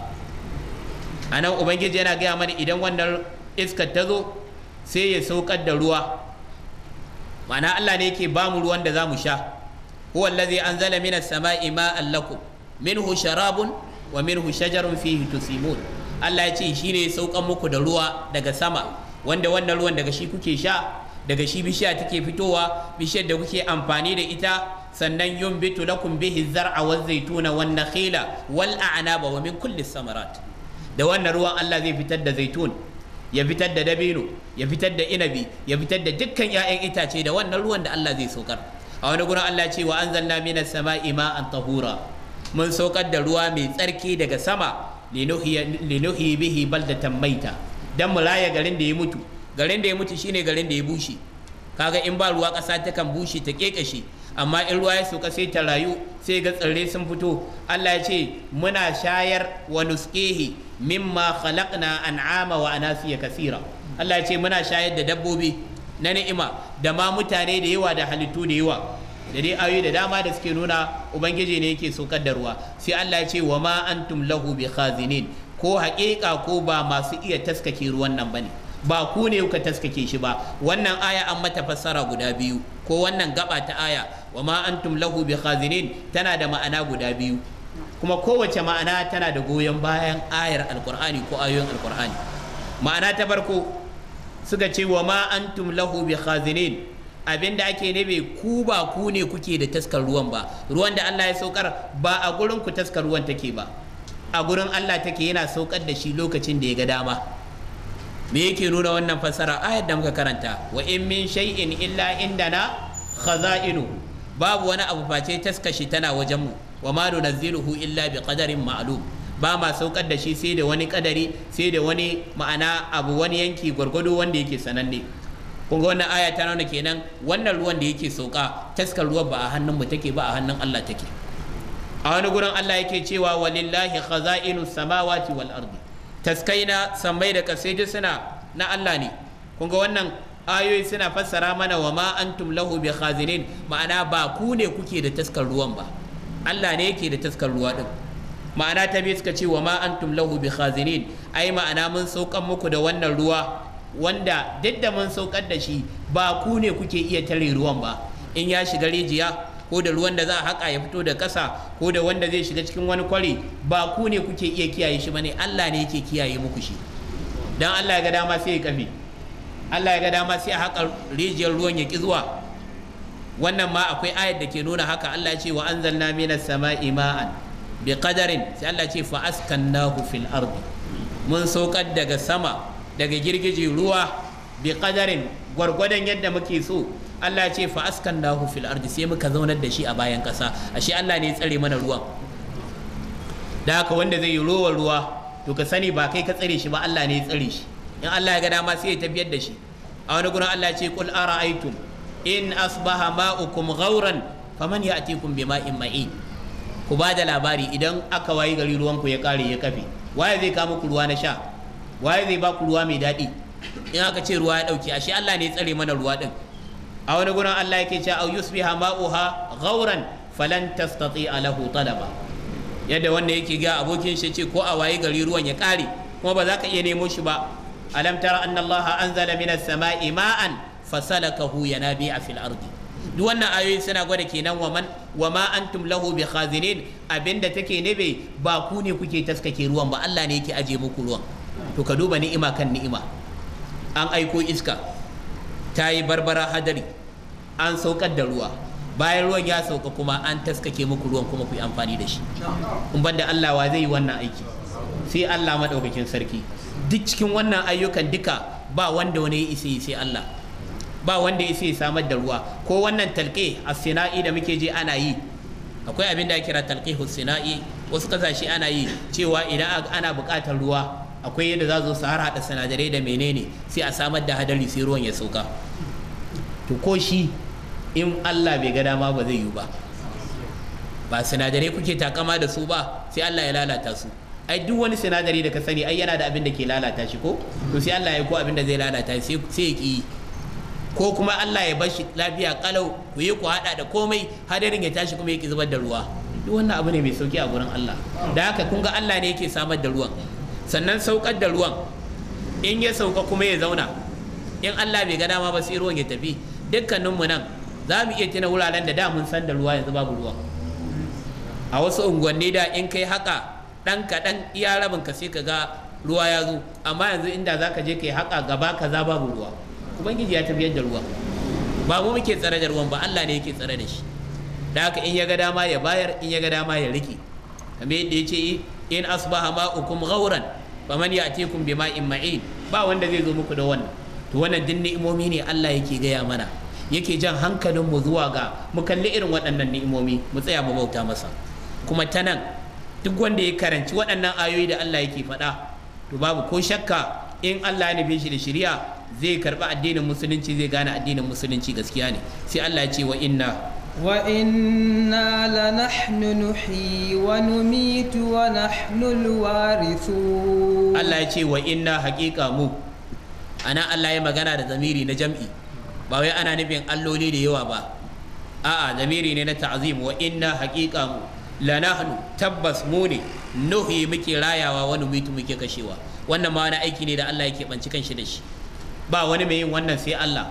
a nan ubangiji yana gaya mana idan wannan iskar ta zo sai ya saukar da ruwa ma'ana Allah ne yake ba mu ruwan da za mu sha huwa allazi anzala minas sama'i ma'an lakum minhu sharabun wa minhu shajarun fihi tusimun Allah ya ce shine ya saukan muku da ruwa daga sama wanda wannan ruwan daga shi kuke sha daga shi bishiya take fitowa bishiyar da kuke amfani da ita sannan yumbitu lakum bihi zar'a wa zaituna wan nakhila wal a'naba wa min kulli samarat da wannan ruwan Allah zai fitar da zaitun ya fitar da dabino ya fitar da inabi ya fitar da dukkan 'ya'yan itace da wannan ruwan da Allah zai saukar a wani gurin Allah ce wa anzalna minas sama'i ma'an tahura mun saukar da ruwa mai tsarki daga sama linuhi bihi baldatan maita dan mu laye garin da ya mutu garin da ya mutu shine garin da ya bushe kaga in ba ruwa ƙasa takan bushe ta kekashe amma in ruwa ya sauka sai ta rayu sai ga tsirrai sun fito Allah ya ce muna shayar wa nusqihi mimma khalaqna an'ama wa anasiya kasira Allah ya ce muna shayar da dabbobi na ni'ima da ma mutane da yawa da halittu da yawa da dai ayoyi da dama da suke nuna ubangiji ne yake saukar da ruwa sai Allah ya ce wa ma antum lahu bi khazinin ko haƙiƙa ko ba masu iya taskake ruwan nan bane ba ku ne kuka taskake shi ba wannan aya an mata fassara guda biyu ko wannan gaba ta aya wa ma antum lahu bikhazinin tana da ma'ana guda biyu kuma kowace ma'ana tana da goyon bayan ayar alkur'ani ko ayoyin alkur'ani ma'ana ta farko suka ce wa ma antum lahu bikhazinin abin da ake nabe ku ba ku ne kuke da taskar ruwan ba ruwan da Allah ya saukar ba a gurin ku taskar ruwan take ba a gurin Allah take yana saukar da shi lokacin da ya ga dama me yake nuna wannan fassara ayar da muka karanta wa in min shay'in illa indana khaza'inuhu babu wani abu face taskashi tana wajen mu wa ma illa bi kadarin ma'lum ba ma saukar da shi sai da wani kadari sai da wani ma'ana abu wani yanki gwargwado wanda yake sananne kun ga wannan aya ta nuna kenan wannan ruwan da yake sauka taskar ruwan ba a hannun mu take ba a hannun Allah take a wani gurin Allah yake cewa walillahi khaza'inu samawati wal ardi taskaina sammai da kasai suna na Allah ne kun ga wannan ayoyi suna fassara mana wa ma antum lahu bi khazinin ma'ana ba ku ne kuke da taskar ruwan ba Allah ne yake da taskar ruwa din ma'ana ta biyu suka ce wa ma antum lahu bi khazinin ai ma'ana mun saukan muku da wannan ruwa wanda duk da mun saukar da shi ba ku ne kuke iya tare ruwan ba in ya shiga rijiya ko da ruwan da za a haƙa ya fito da ƙasa ko da wanda zai shiga cikin wani kwari ba ku ne kuke iya kiyaye shi ne Allah ne yake kiyaye muku shi dan Allah ya ga dama sai ya kame. Allah ya ga dama sai a haƙa rijiyar ruwan ya ki zuwa wannan ma akwai ayar da ke nuna haka Allah ya ce wa anzalna minas sama'i ma'an bi qadarin sai Allah ya ce fa askannahu fil ardi mun saukar daga sama daga girgije ruwa bi qadarin gwargwadon yadda muke so Allah ya ce fa askannahu fil ardi sai muka zaunar da shi a bayan kasa ashe Allah ne ya tsare mana ruwan da haka wanda zai yi ruwa ruwa to ka sani ba kai ka tsare shi ba Allah ne ya tsare shi in Allah ya ga dama sai ya tafiyar da shi a wani gurin Allah ce kul ara'aytum in asbaha ma'ukum ghauran faman ya'tikum bima'in ma'in ku ba da labari idan aka wayi gari ruwan ya kare ya kafe waye zai kawo muku ruwa na sha waye zai ba ku ruwa mai daɗi in aka ce ruwa ya ɗauke ashe Allah ne ya tsare mana ruwa din a wani gurin Allah yake cewa au yusbiha ma'uha ghauran falan tastati'a lahu talaba yadda wanda yake ga abokin shi ce ko a wayi gari ruwan ya kare kuma ba za ka iya nemo shi ba alam tara anna allaha anzala minas sama'i ma'an fasalakahu yanabi'a fil ardi duk wannan ayoyin suna gwada kenan wa man wa ma antum lahu bi khazinin abinda take nabe ba ku ne kuke taskake ruwan ba Allah ne yake aje muku ruwan to ka duba ni'ima kan ni'ima an aiko iska ta yi barbara hadari an saukar da ruwa bayan ruwan ya sauka kuma an taskake muku ruwan kuma ku yi amfani da shi in banda Allah wa zai yi wannan aiki sai Allah madaukakin sarki duk cikin wannan ayyukan duka ba wanda wani ya isa sai Allah ba wanda ya samar da ruwa ko wannan talke a sinai da muke je ana yi akwai abin da ake kira talqihu sina'i wasu kasashe ana yi cewa idan ana buƙatar ruwa akwai yadda za su har haɗa sinadarai da menene sai a samar da hadari sai ruwan ya sauka to ko shi in Allah bai ga dama ba zai yi ba ba sinadarai kuke takama da su ba sai Allah ya lalata su ai duk wani sinadari da ka sani ai yana da abin da ke lalata shi ko to sai Allah ya ko abin da zai lalata sai sai ki ko kuma Allah ya bar shi lafiya kalau ku yi ku hada da komai hadarin ya tashi kuma ya ki zubar da ruwa duk wannan abu ne mai sauki a gurin Allah da haka kun ga Allah ne yake samar da ruwan sannan saukar da ruwan in ya sauka kuma ya zauna in Allah bai ga dama ba sai ruwan ya tafi mu nan za mu iya tuna wuraren da da mun san da ruwa yanzu babu ruwa. a wasu unguwanni da in kai haka ɗan kaɗan iya rabin ka sai ka ga ruwa ya zo amma yanzu inda za ka je ka yi haƙa gaba ka za babu ruwa Kuma ubangiji ya tafiyar da ruwa ba mu muke tsare da ruwan ba Allah ne yake tsare da shi da haka in ya ga dama ya bayar in ya ga dama ya riƙe. kamar yadda ya ce in asbaha ma'ukum ghauran faman ya'tikum in ma'in ba wanda zai zo muku da wannan to wannan din ni'imomi ne Allah yake gaya mana yake jan hankalin mu zuwa ga mu kalli irin waɗannan ni'imomi mu tsaya mu bauta masa kuma ta nan duk wanda ya karanci waɗannan ayoyi da Allah yake faɗa to babu ko shakka in Allah ya nufe shi da shari'a zai karɓi addinin musulunci zai gane addinin musulunci gaskiya ne sai Allah ya ce wa inna wa inna la nahnu nuhyi wa numitu wa nahnu alwarithu Allah ya ce wa inna haqiqa mu ana Allah ya magana da zamiri na jam'i ba wai ana nufin alloli da yawa ba a'a zamiri ne na ta'zim wa inna haqiqa mu lanahnu tabbas mu ne nuhi muke rayawa wani mutu muke kashewa wannan ma wani aiki ne da Allah yake banci kanshi da shi ba wani mai yin wannan sai Allah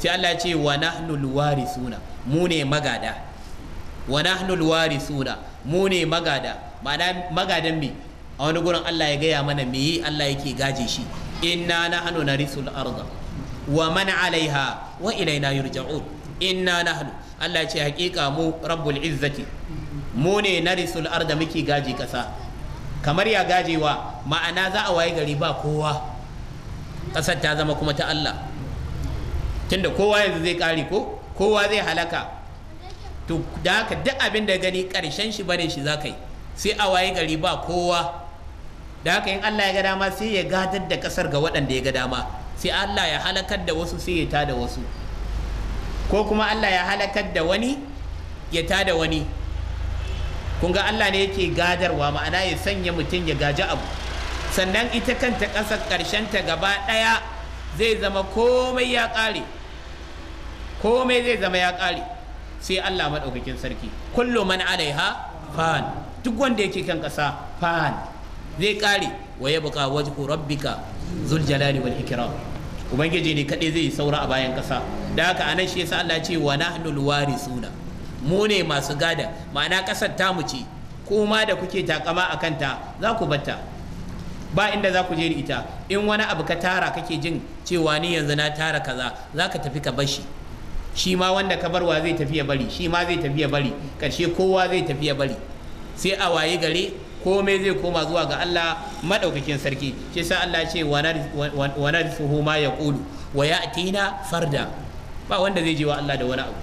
sai Allah ya ce wa nahnu alwarisuna mu ne magada wa nahnu alwarisuna mu ne magada ma'ana magadan me a wani gurin Allah ya gaya mana me yi Allah yake gaje shi inna nahnu narisul arda wa man alaiha wa ilaina yurja'un inna nahnu Allah ya ce hakika mu rabbul izzati mu ne na risul arda muke gaji kasa kamar ya gajewa ma'ana za a waye gari ba kowa kasar ta zama kuma ta Allah tunda kowa yanzu zai kare ko kowa zai halaka to da haka duk abin da gani karshen shi barin shi zakai sai a waye gari ba kowa da haka in Allah ya ga dama sai ya gadar da kasar ga waɗanda ya ga dama sai Allah ya halakar da wasu sai ya tada wasu ko kuma Allah ya halakar da wani ya tada wani kun ga Allah ne yake gadarwa ma'ana ya sanya mutum ya gaji abu sannan ita kanta ƙasar ta gaba ɗaya zai zama komai ya ƙare komai zai zama ya ƙare sai Allah maɗaukakin sarki kullum man alaiha fan duk wanda yake kan ƙasa fan zai ƙare wa ya buƙa wa rabbika zul jalali wal ikram ubangiji ne kaɗai zai saura a bayan ƙasa da haka anan shi yasa Allah ce wa luwari suna. mu ne masu gada ma'ana kasar tamu ce kuma da kuke takama a kanta za ku batta ba inda za ku je da ita in wani abu ka tara kake jin cewa ni yanzu na tara kaza za ka tafi ka bashi shi ma wanda ka barwa zai tafi ya bari shi ma zai tafi ya bari karshe kowa zai tafi ya bari sai a waye gare komai zai koma zuwa ga Allah madaukakin sarki shi sa Allah ce wa narfuhu ma yaqulu wa ya'tina farda ba wanda zai je wa Allah da wani abu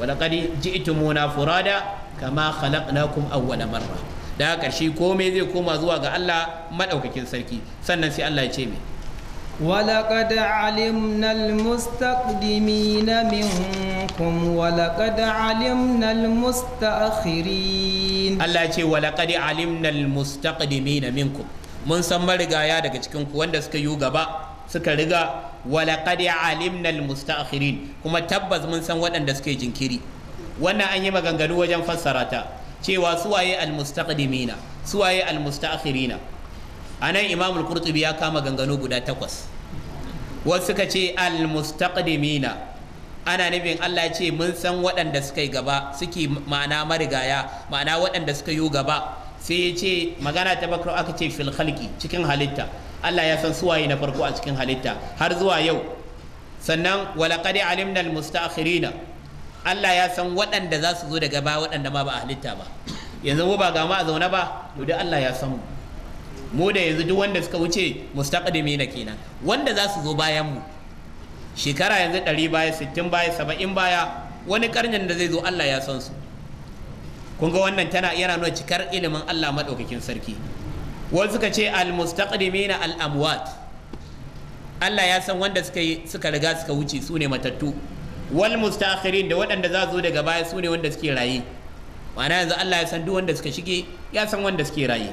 ولقد جئتمونا فرادا كما خلقناكم أول مرة da ƙarshe komai zai koma zuwa ga Allah maɗaukakin sarki sannan sai Allah ya ce mai walaƙada alimnal mustaqdimi na minkum mustaqirin Allah ce walaƙada alimnal mustaqdimi mun san marigaya daga cikinku wanda suka yiwu gaba suka riga wala walaqad alimnal mustaakhirin kuma tabbas mun san waɗanda suke jinkiri wannan an yi maganganu wajen fassara ta cewa suwaye almustaqdimina suwaye almustaakhirina anan imam al-qurtubi ya kama ganganu guda takwas wasu suka ce almustaqdimina ana nufin Allah ce mun san waɗanda suka yi gaba suke ma'ana marigaya ma'ana waɗanda suka yi gaba sai ya ce magana ta bakar aka ce fil khalqi cikin halitta Allah ya san suwaye na farko a cikin halitta har zuwa yau sannan walaqad alimna almustakhirina Allah ya san waɗanda za su zo daga ba waɗanda ma ba a halitta ba yanzu mu ba ga ma a zaune ba to dai Allah ya san mu mu da yanzu duk wanda suka wuce mustaqdimina kenan wanda za su zo bayan mu shekara yanzu ɗari baya sittin baya saba'in baya wani karnin da zai zo Allah ya san su kun ga wannan tana yana nuna cikar ilimin Allah madaukakin sarki wasu suka ce al-mustaqdimina al-amwat Allah ya san wanda suka suka riga suka wuce su ne matattu wal mustakhirin da waɗanda za zo daga baya su ne wanda suke raye ma'ana yanzu Allah ya san duk wanda suka shige ya san wanda suke raye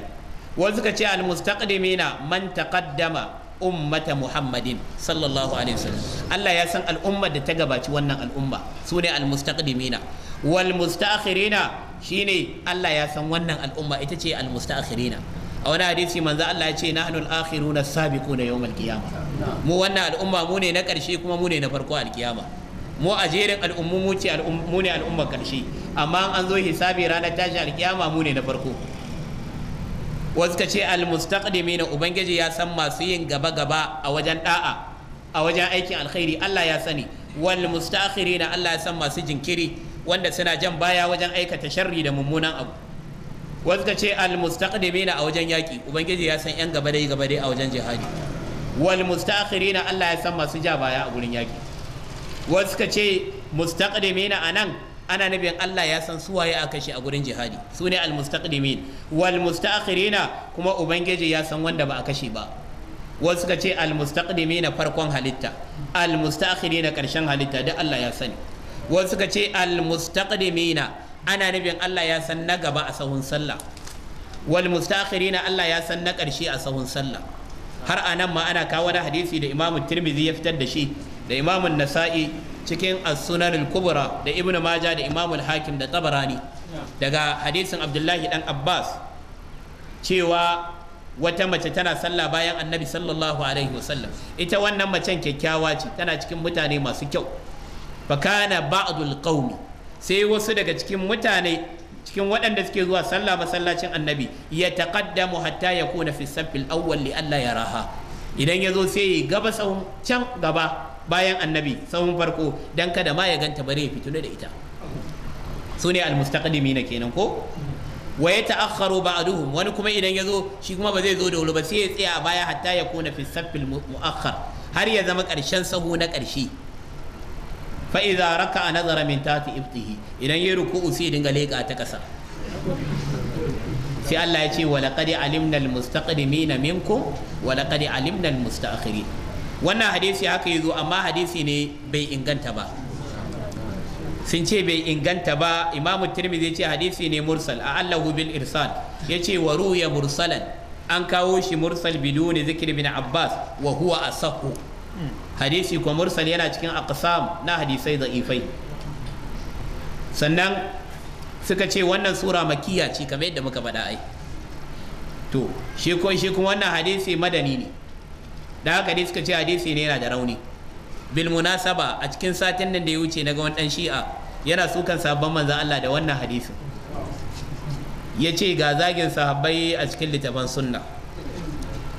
wasu suka ce al mustaqdimina man taqaddama ummata muhammadin sallallahu alaihi wasallam Allah ya san al'ummar da ta gabaci wannan al'umma su ne al mustaqdimina wal mustaakhirina shine Allah ya san wannan al'umma ita ce al mustaakhirina a wani hadisi manzo Allah ya ce nahnu al akhiruna sabiquna yawm al qiyamah mu wannan al'umma mu ne na karshe kuma mu ne na farko al mu a jerin al'ummu mu ne al'umma karshe amma an zo hisabi ranar tashi al qiyama mu ne na farko wasu ka ce al mustaqdimina ubangiji ya san masu yin gaba a wajen aikin alkhairi Allah ya sani wal mustakhirina Allah ya san masu jinkiri wanda suna jan baya wajen aikata sharri da mummunan abu wasu ka ce almustaqdimina a wajen yaƙi ubangiji ya san yan gaba dai gaba dai a wajen jihadi wal mustakhirina Allah ya san masu ja baya a gurin yaƙi wasu ka ce mustaqdimina anan ana nabin Allah ya san su waye aka shi a gurin jihadi su ne almustaqdimin wal mustakhirina kuma ubangiji ya san wanda ba a kashe ba wasu ka ce almustaqdimina farkon halitta almustakhirina karshen halitta duk Allah ya sani wasu ka ce almustaqdimina ana nufin Allah ya san na gaba a sahun sallah wal mustakhirina Allah ya san na ƙarshe a sahun sallah har anan ma ana kawo da hadisi da Imam Tirmidhi ya fitar da shi da Imam Nasa'i cikin As-Sunan al-Kubra da Ibn Majah da Imam al-Hakim da Tabarani daga hadisin Abdullahi dan Abbas cewa wata mace tana sallah bayan Annabi sallallahu alaihi wasallam ita wannan macen kyakkyawa ce tana cikin mutane masu kyau fakana ba'dul qaumi sai wasu daga cikin mutane cikin waɗanda suke zuwa sallah masallacin annabi ya taqaddamu hatta yakuna fi safil awwal li alla yaraha idan ya zo sai ya gaba sahun can gaba bayan annabi sahun farko dan kada ma ya ganta bare ya fituna da ita su ne almustaqdimina kenan ko wa ya ba ba'duhum wani kuma idan ya zo shi kuma ba zai zo da wuri ba sai ya tsaya a baya hatta ya fi saffil mu'akhkhar har ya zama ƙarshen sahu na ƙarshe fa idza raka'a nazara min tati ibtihi idan yayi ruku'u sai dinga leka ta kasa sai Allah ya ce wa laqad alimna almustaqdimina minkum wa laqad alimna almustaakhirin wannan hadisi haka yazo amma hadisi ne bai inganta ba sun ce bai inganta ba imamu tirmidhi ce hadisi ne mursal a allahu bil irsal ce wa ruya mursalan an kawo shi mursal biduni zikr bin abbas wa huwa asahhu hadisi ko mursali yana cikin aqsam na hadisai da'ifai sannan suka ce wannan sura makiya ce kamar yadda muka faɗa ai to shi ko shi kuma wannan hadisi madani ne da haka dai suka ce hadisi ne yana da rauni bil munasaba a cikin satin nan da ya wuce na ga wani shi'a yana sukan sabon manzon Allah da wannan hadisin ya ce ga zagin sahabbai a cikin littafan sunna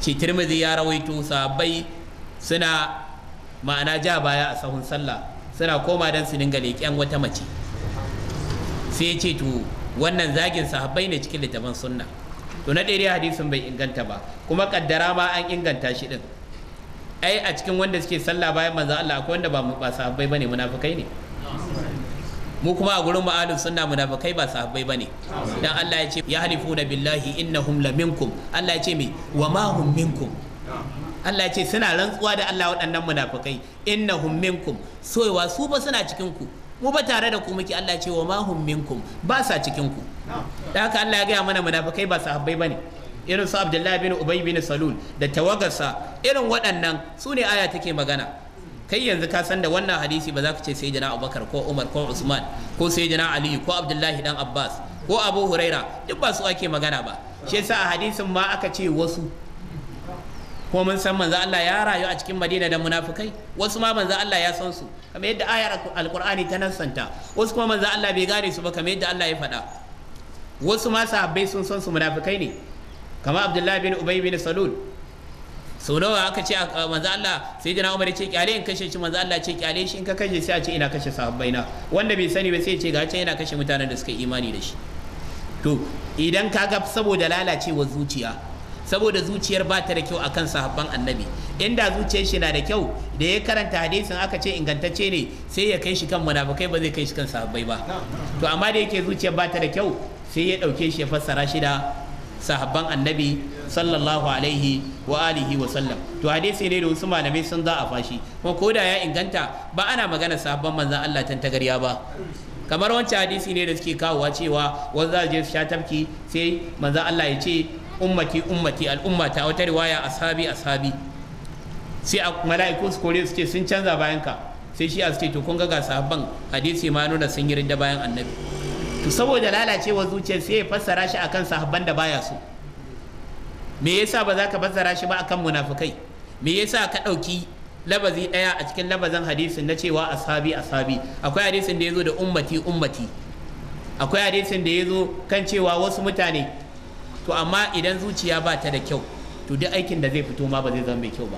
ce tirmidhi ya rawaito sahabbai suna ma'ana ja baya a sahun sallah suna koma don su dinga leƙen wata mace sai ce to wannan zagin sahabbai ne cikin littafin sunna to na ɗaya hadisin bai inganta ba kuma kaddara ma an inganta shi din ai a cikin wanda suke sallah bayan manzo Allah akwai wanda ba ba sahabbai bane munafikai ne mu kuma a gurin ma'alin sunna munafikai ba sahabbai bane dan Allah ya ce ya halifuna billahi innahum laminkum Allah ya ce me wa ma hum minkum Allah ya ce suna rantsuwa da Allah waɗannan munafikai innahum minkum soyewa su ba suna cikin ku mu ba tare da ku muke Allah ya ce wa ma hum minkum ba sa cikin ku da haka Allah ya gaya mana munafikai ba su habbai bane irin su Abdullahi bin Ubay bin Salul da tawagarsa irin waɗannan su ne aya take magana kai yanzu ka san da wannan hadisi ba za ka ce sai jana abubakar ko umar ko usman ko sai jana aliyu ko abdullahi dan abbas ko abu huraira duk ba su ake magana ba shi yasa a hadisin ma aka ce wasu ko mun san manzo Allah ya rayu a cikin Madina da munafikai wasu ma manzo Allah ya san su kamar yadda ayar alqur'ani ta nassanta wasu kuma manzo Allah bai gane su ba kamar yadda Allah ya faɗa wasu ma sahabbai sun san su munafikai ne kamar Abdullahi bin Ubay bin Salul sau nawa aka ce a manzo Allah sai jina Umar ce kyale in kashe shi manzo Allah ce kyale shi in ka kashe sai a ce ina kashe na. wanda bai sani ba sai ce ga can yana kashe mutanen da suka imani da shi to idan ka ga saboda lalacewar zuciya saboda zuciyar ba ta da kyau akan sahabban annabi inda zuciyar shi na da kyau da ya karanta hadisin aka ce ingantacce ne sai ya kai shi kan munafukai ba zai kai shi kan sahabbai ba to amma da yake zuciyar ba ta da kyau sai ya dauke shi ya fassara shi da sahabban annabi sallallahu alaihi wa alihi wa sallam to hadisi ne da wasu malamai sun za a fashi kuma ko da ya inganta ba ana magana sahabban manzon Allah tan tagarya ba kamar wancan hadisi ne da suke kawowa cewa wasu za je su sha tafki sai manzan Allah ya ce ummati ummati al'ummata wata riwaya ashabi ashabi sai a mala'iku su kore su ce sun canza bayan ka sai shi a su ce to kun ga ga sahabban hadisi ma nuna sun yi ridda bayan annabi to saboda lalacewar zuciya sai ya fassara shi akan sahabban da baya so me yasa ba za ka fassara shi ba akan munafikai me yasa ka ɗauki labazi daya a cikin labazan hadisin na cewa ashabi ashabi akwai hadisin da ya zo da ummati ummati akwai hadisin da ya zo kan cewa wasu mutane to amma idan zuciya ba ta da kyau to duk aikin da zai fito ma ba zai zama mai kyau ba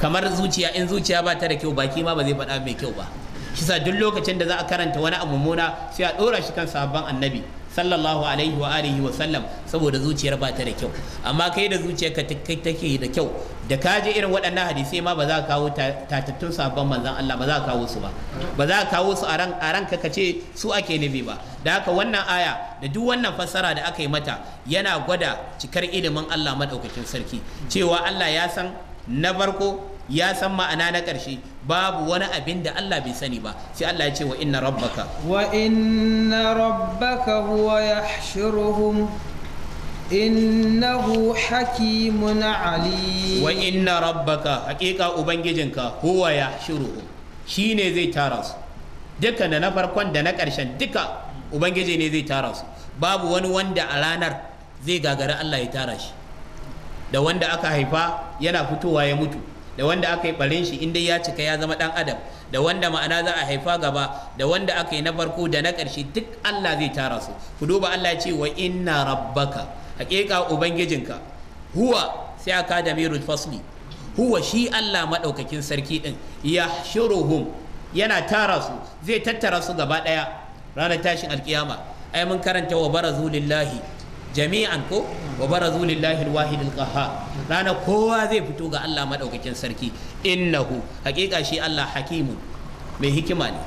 kamar zuciya in zuciya ba ta da kyau baki ma ba zai faɗa mai kyau ba kisa duk lokacin da za a karanta wani abu muna sai a ɗora shi kan sabon annabi sallallahu alaihi wa alihi wa sallam saboda zuciyar ba ta da kyau amma kai da zuciyarka take da kyau da ka je irin waɗannan hadisai ma ba za ka kawo tatattun sabon manzan Allah ba za ka kawo su ba ba za ka kawo su a ranka ka ce su ake nufi ba da haka wannan aya da duk wannan fassara da aka yi mata yana gwada cikar ilimin Allah maɗaukacin sarki cewa Allah ya san na farko ya san ma'ana na ƙarshe babu wani abin da Allah bai sani ba sai Allah ya ce wa inna rabbaka wa inna rabbaka huwa yahshuruhum innahu hakimun ali wa inna rabbaka haƙiƙa ubangijinka huwa yahshuruhum shine zai tara su duka da na farkon da na ƙarshen duka ubangiji ne zai tara su babu wani wanda a ranar zai gagari Allah ya tara shi da wanda aka haifa yana fitowa ya mutu da wanda aka yi barin shi in dai ya cika ya zama dan adam da wanda ma'ana za a haifa gaba da wanda aka yi na farko da na ƙarshe duk Allah zai tara su ku duba Allah ce wa inna rabbaka haƙiƙa ubangijinka huwa sai aka da mirul fasli huwa shi Allah maɗaukakin sarki ɗin ya shuruhum yana tara su zai tattara su gaba ɗaya ranar tashin alkiyama ai mun karanta wa barazu jami'an ko wa barazu lillahi alwahid alqahhar rana kowa zai fito ga Allah madaukakin sarki innahu Hakika shi Allah hakimu mai hikima ne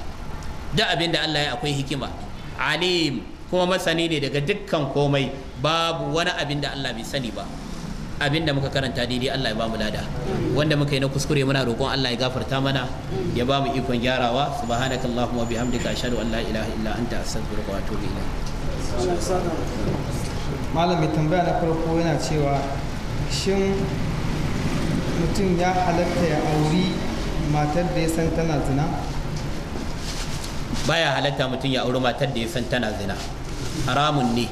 da abin da Allah ya akwai hikima alim kuma masani ne daga dukkan komai babu wani abin da Allah bai sani ba abin da muka karanta daidai Allah ya ba lada wanda muka yi na kuskure muna roƙon Allah ya gafarta mana ya bamu ikon gyarawa subhanakallahumma bihamdika ashhadu an la ilaha illa anta astaghfiruka wa atubu ilaik malam tambaya na farko yana cewa shin mutum ya halatta ya auri matar da ya san tana zina baya halatta mutum ya auri matar da ya san tana zina haramun ne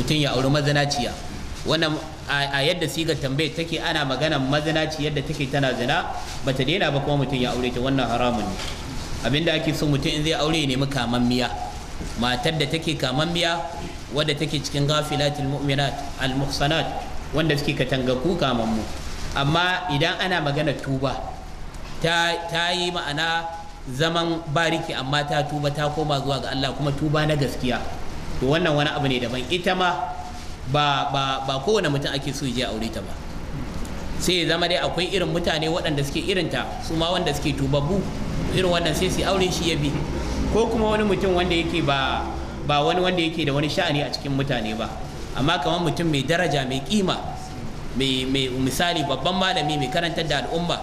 mutum ya auri mazinaciya wannan a yadda sigar tambayar take ana magana mazinaci yadda take tana zina ba ta daina ba kuma mutum ya aure ta wannan haramun ne abinda ake so mutum in zai aure ne miya matar da take miya wadda take cikin ghafilatil mu'minat al muhsanat wanda suke katangaku kaman mu amma idan ana magana tuba ta yi ma'ana zaman bariki amma ta tuba ta koma zuwa ga Allah kuma tuba na gaskiya to wannan wani abu ne daban ita ma ba ba ba kowane mutum ake so ya aure ta ba sai ya zama dai akwai irin mutane waɗanda suke irinta su ma wanda suke tubabbu irin wannan sai su aure shi ya bi ko kuma wani mutum wanda yake ba ba wani wanda yake da wani sha'ani a cikin mutane ba amma kamar mutum mai daraja mai kima mai misali babban malami mai karantar da al'umma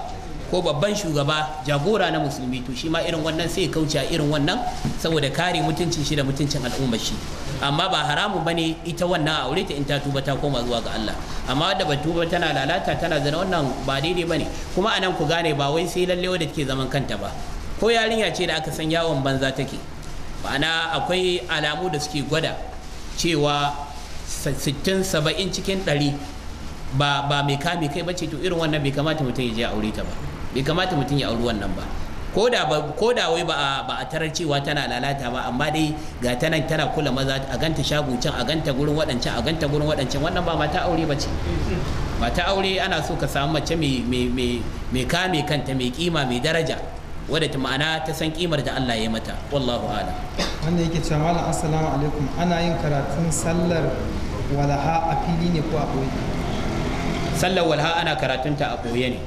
ko babban shugaba jagora na musulmi to shi ma irin wannan sai kauce a irin wannan saboda kare mutuncin shi da mutuncin al'umma shi amma ba haramu bane ita wannan aure ta in ta tuba ta koma zuwa ga Allah amma wadda ba tuba tana lalata tana zana wannan ba daidai bane kuma anan ku gane ba wai sai lalle wadda take zaman kanta ba ko yarinya ce da aka san yawon banza take ma'ana akwai alamu da suke gwada cewa 60 70 cikin 100 ba ba mai kame kai ba ce to irin wannan bai kamata mutum ya je aure ta ba bai kamata mutum ya auri wannan ba ko da wai ba a tarar cewa tana lalata ba amma dai ga ta nan tana kula maza a ganta shago can a ganta gurin waɗancan a ganta gurin waɗancan wannan ba mata aure ba ce mata aure ana so ka samu mace mai kame kanta mai kima mai daraja wadda ta ma'ana ta san kimar da Allah ya mata wallahu a'lam wanda yake cewa malam assalamu alaikum ana yin karatun sallar walaha a fili ne ko a boye sallar walaha ana karatun ta a boye ne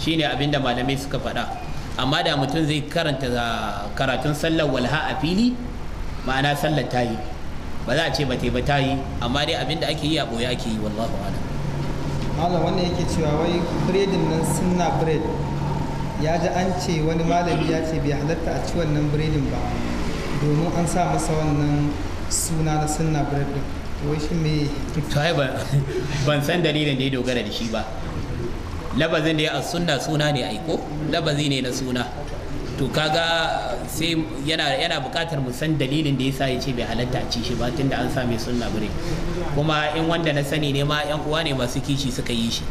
shine abinda malamai suka faɗa amma da mutum zai karanta ah, karatun sallar walaha a fili ma'ana sallar ta yi ba za a ce ba ta ba ta yi amma dai abinda ake yi a boye ake yi wallahu a'lam malam wannan yake cewa wai biredin nan sunna bread ya ji an ce wani malami ya ce bai halatta a ci wannan biredin ba domin an sa masa wannan suna na sunna biredin wai shi me to ai ban san dalilin da ya dogara da shi ba labazin da ya a sunna suna ne aiko labazi ne na suna to kaga sai yana yana buƙatar mu san dalilin da yasa ya ce bai halatta ci shi ba tunda an sa mai sunna bare kuma in wanda na sani ne ma yan uwa ne masu kishi suka yi shi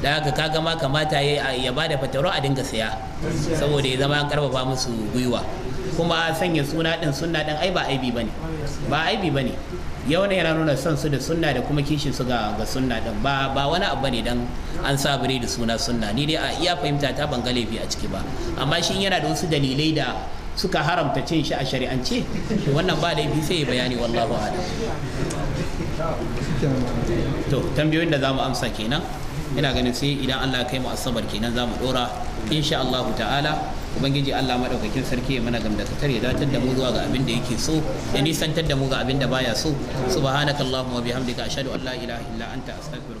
da haka kaga ma kamata ya ba da fataro a dinga saya saboda ya zama an karfafa musu gwiwa kuma sanya suna din sunna din ai ba aibi bane ba aibi bane yau ne yana nuna son su da sunna da kuma kishin su ga sunna din ba ba wani abu bane dan an sa bire da suna sunna ni dai a iya fahimta ta ban ga a ciki ba amma shi yana da wasu dalilai da suka haramta cin shi a shari'ance wannan ba laifi sai bayani wallahu a'lam to tambayoyin da zamu amsa kenan ina ganin sai idan Allah ya kai mu asabar kenan za mu dora insha Allah ta'ala ubangiji Allah madaukakin sarki ya mana gamdakatar ya datar da mu zuwa ga abin da yake so ya nisantar da mu ga abin da baya so subhanakallahumma wa bihamdika ashhadu an la ilaha illa anta astaghfiruka